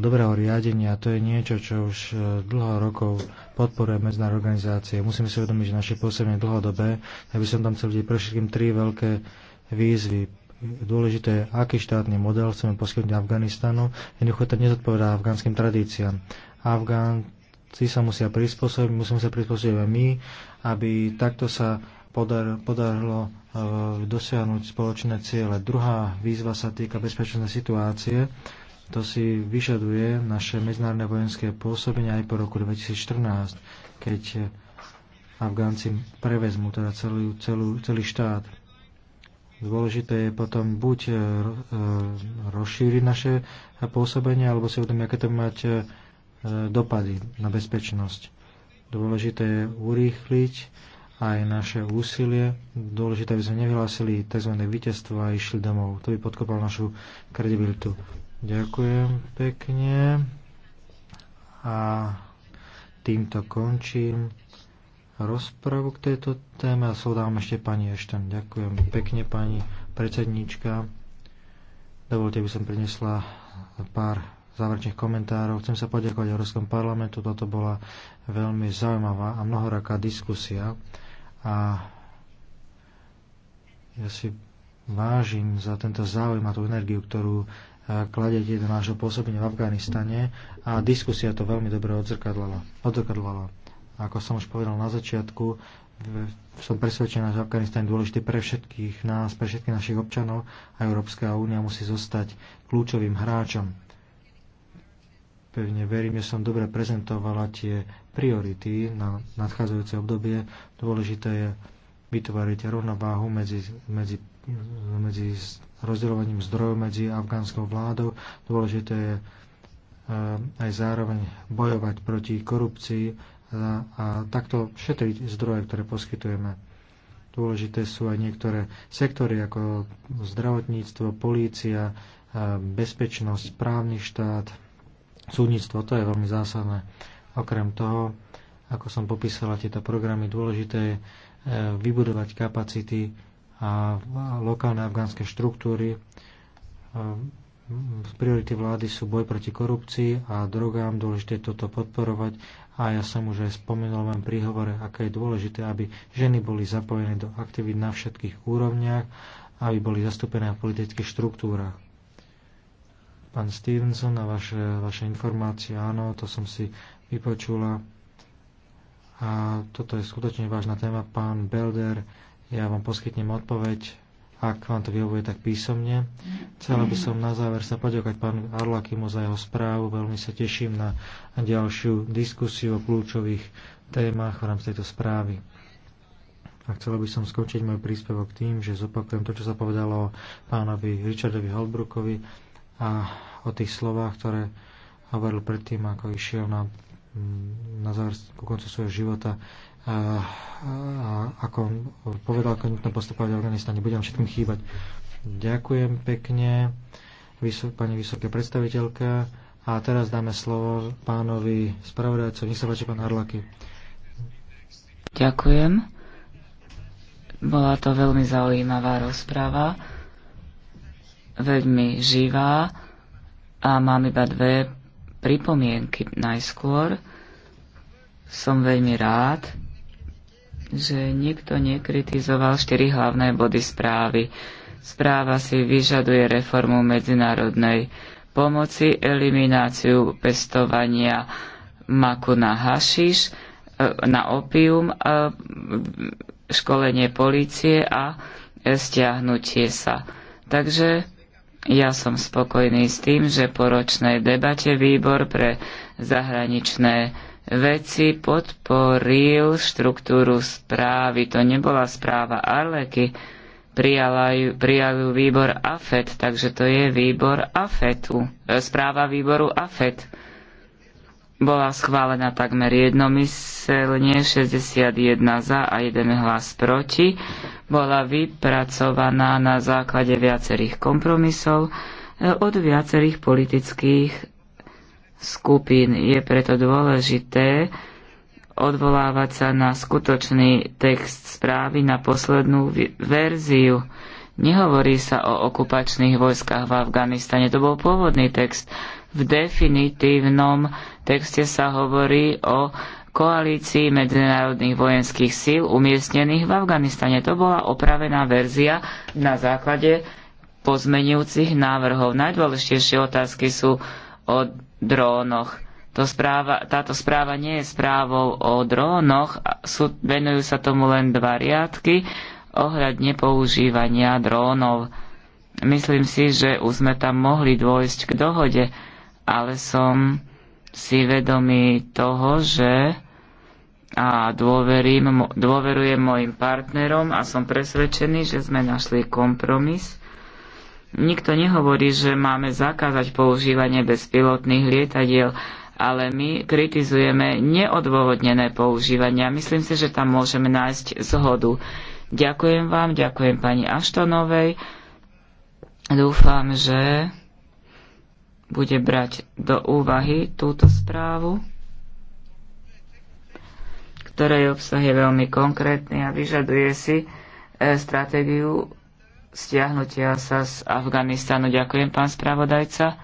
dobrého riadenia, to je niečo, čo už e, dlho rokov podporuje medzinárodné organizácie. Musíme si uvedomiť, že naše pôsobenie dlhodobé. Ja by som tam chcel vidieť pre všetkým tri veľké výzvy. Dôležité je, aký štátny model chceme poskytnúť Afganistanu. Jednoducho to nezodpovedá afgánskym tradíciám. Afgánci sa musia prispôsobiť, musíme sa prispôsobiť aj my, aby takto sa podar, podarilo e, dosiahnuť spoločné ciele. Druhá výzva sa týka bezpečnostnej situácie to si vyžaduje naše medzinárodné vojenské pôsobenie aj po roku 2014, keď Afgánci prevezmú teda celý, celú, celý štát. Dôležité je potom buď e, e, rozšíriť naše pôsobenie, alebo si uvedomiť, aké to mať e, dopady na bezpečnosť. Dôležité je urýchliť aj naše úsilie. Dôležité, aby sme nevyhlásili tzv. víťazstvo a išli domov. To by podkopalo našu kredibilitu. Ďakujem pekne a týmto končím rozpravu k tejto téme a slovo dám ešte pani Ešten. Ďakujem pekne pani predsedníčka. Dovolte, by som prinesla pár záverečných komentárov. Chcem sa poďakovať Európskom parlamentu. Toto bola veľmi zaujímavá a mnohoraká diskusia. A ja si vážim za tento záujem a tú energiu, ktorú kladete do nášho pôsobenia v Afganistane a diskusia to veľmi dobre odzrkadlala. odzrkadlala. Ako som už povedal na začiatku, som presvedčená, že Afganistan je dôležitý pre všetkých nás, pre všetkých našich občanov a Európska únia musí zostať kľúčovým hráčom. Pevne verím, že som dobre prezentovala tie priority na nadchádzajúce obdobie. Dôležité je vytvoriť rovnováhu medzi, medzi medzi rozdeľovaním zdrojov medzi afgánskou vládou. Dôležité je eh, aj zároveň bojovať proti korupcii a, a takto šetriť zdroje, ktoré poskytujeme. Dôležité sú aj niektoré sektory ako zdravotníctvo, polícia, eh, bezpečnosť, právny štát, súdnictvo. To je veľmi zásadné. Okrem toho, ako som popísala tieto programy, dôležité je eh, vybudovať kapacity a lokálne afgánske štruktúry. Priority vlády sú boj proti korupcii a drogám, dôležité toto podporovať a ja som už aj spomenul vám pri hovore, aké je dôležité, aby ženy boli zapojené do aktivít na všetkých úrovniach, aby boli zastúpené v politických štruktúrach. Pán Stevenson a vaše, vaše informácie, áno, to som si vypočula. A toto je skutočne vážna téma. Pán Belder, ja vám poskytnem odpoveď, ak vám to vyhovuje, tak písomne. Chcela by som na záver sa poďakovať pánu Arlakimu za jeho správu. Veľmi sa teším na ďalšiu diskusiu o kľúčových témach v rámci tejto správy. A chcela by som skončiť môj príspevok tým, že zopakujem to, čo sa povedalo pánovi Richardovi Holbrookovi a o tých slovách, ktoré hovoril predtým, ako išiel na, na záver ku koncu svojho života a, a ako povedal, ako nutné postupovať v Afganistane. Budem všetkým chýbať. Ďakujem pekne, vysok, pani vysoká predstaviteľka. A teraz dáme slovo pánovi spravodajcovi. Nech sa páči, pán Harlaky. Ďakujem. Bola to veľmi zaujímavá rozpráva, veľmi živá a mám iba dve pripomienky najskôr. Som veľmi rád, že nikto nekritizoval štyri hlavné body správy. Správa si vyžaduje reformu medzinárodnej pomoci, elimináciu pestovania maku na hašiš, e, na opium, e, školenie policie a e, stiahnutie sa. Takže ja som spokojný s tým, že po ročnej debate výbor pre zahraničné veci podporil štruktúru správy. To nebola správa Arleky, prijala ju, prijal ju výbor AFET, takže to je výbor AFETu, e, správa výboru AFET. Bola schválená takmer jednomyselne, 61 za a 1 hlas proti. Bola vypracovaná na základe viacerých kompromisov e, od viacerých politických skupín. Je preto dôležité odvolávať sa na skutočný text správy na poslednú verziu. Nehovorí sa o okupačných vojskách v Afganistane. To bol pôvodný text. V definitívnom texte sa hovorí o koalícii medzinárodných vojenských síl umiestnených v Afganistane. To bola opravená verzia na základe pozmenujúcich návrhov. Najdôležitejšie otázky sú o drónoch. To správa, táto správa nie je správou o drónoch, sú, venujú sa tomu len dva riadky ohľadne používania drónov. Myslím si, že už sme tam mohli dôjsť k dohode, ale som si vedomý toho, že a dôverím, dôverujem mojim partnerom a som presvedčený, že sme našli kompromis, Nikto nehovorí, že máme zakázať používanie bezpilotných lietadiel, ale my kritizujeme neodôvodnené používania. Myslím si, že tam môžeme nájsť zhodu. Ďakujem vám, ďakujem pani Aštonovej. Dúfam, že bude brať do úvahy túto správu, ktorej obsah je veľmi konkrétny a vyžaduje si e, stratégiu stiahnutia sa z Afganistanu. Ďakujem, pán spravodajca.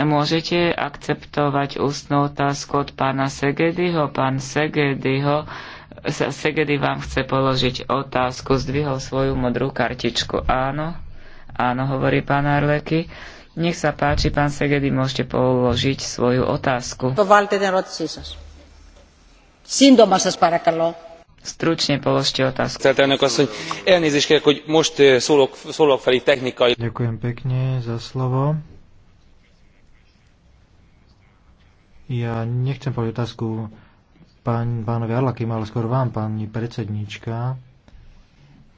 Môžete akceptovať ústnú otázku od pána Segedyho? Pán Segedyho, Segedy vám chce položiť otázku. Zdvihol svoju modrú kartičku. Áno, áno, hovorí pán Arleky. Nech sa páči, pán Segedy, môžete položiť svoju otázku. To valte den rotisísos. Síndoma sa sparakalo. Stručne položte otázku. Eh, Ďakujem pekne za slovo. Ja nechcem povedať otázku pán, pánovi Arlakým, ale skôr vám, pani predsednička.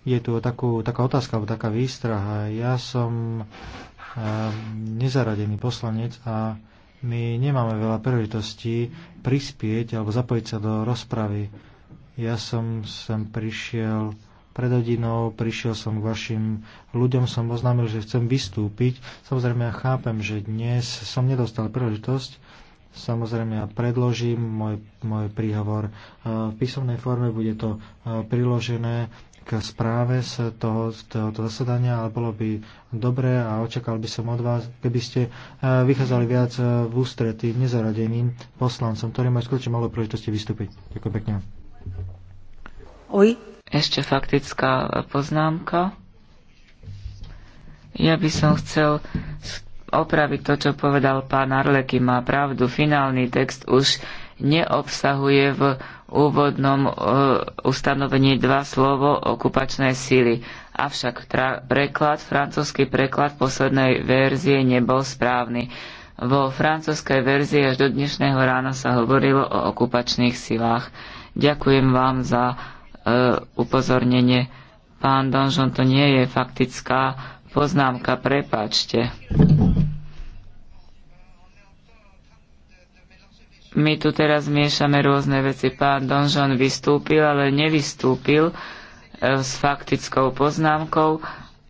Je tu takú, taká otázka, alebo taká výstraha. Ja som e, nezaradený poslanec a my nemáme veľa príležitostí prispieť alebo zapojiť sa do rozpravy ja som sem prišiel pred hodinou, prišiel som k vašim ľuďom, som oznámil, že chcem vystúpiť. Samozrejme, ja chápem, že dnes som nedostal príležitosť. Samozrejme, ja predložím môj, môj príhovor v písomnej forme, bude to priložené k správe z, toho, z tohoto zasadania, ale bolo by dobré a očakal by som od vás, keby ste vychádzali viac v ústretí nezaradeným poslancom, ktorí majú skutočne malo príležitosti vystúpiť. Ďakujem pekne. Oui. Ešte faktická poznámka. Ja by som chcel opraviť to, čo povedal pán Arleky. Má pravdu, finálny text už neobsahuje v úvodnom uh, ustanovení dva slovo okupačné síly. Avšak preklad, francúzsky preklad poslednej verzie nebol správny. Vo francúzskej verzii až do dnešného rána sa hovorilo o okupačných silách. Ďakujem vám za Eh, upozornenie. Pán Donžon, to nie je faktická poznámka, prepáčte. My tu teraz miešame rôzne veci. Pán Donžon vystúpil, ale nevystúpil eh, s faktickou poznámkou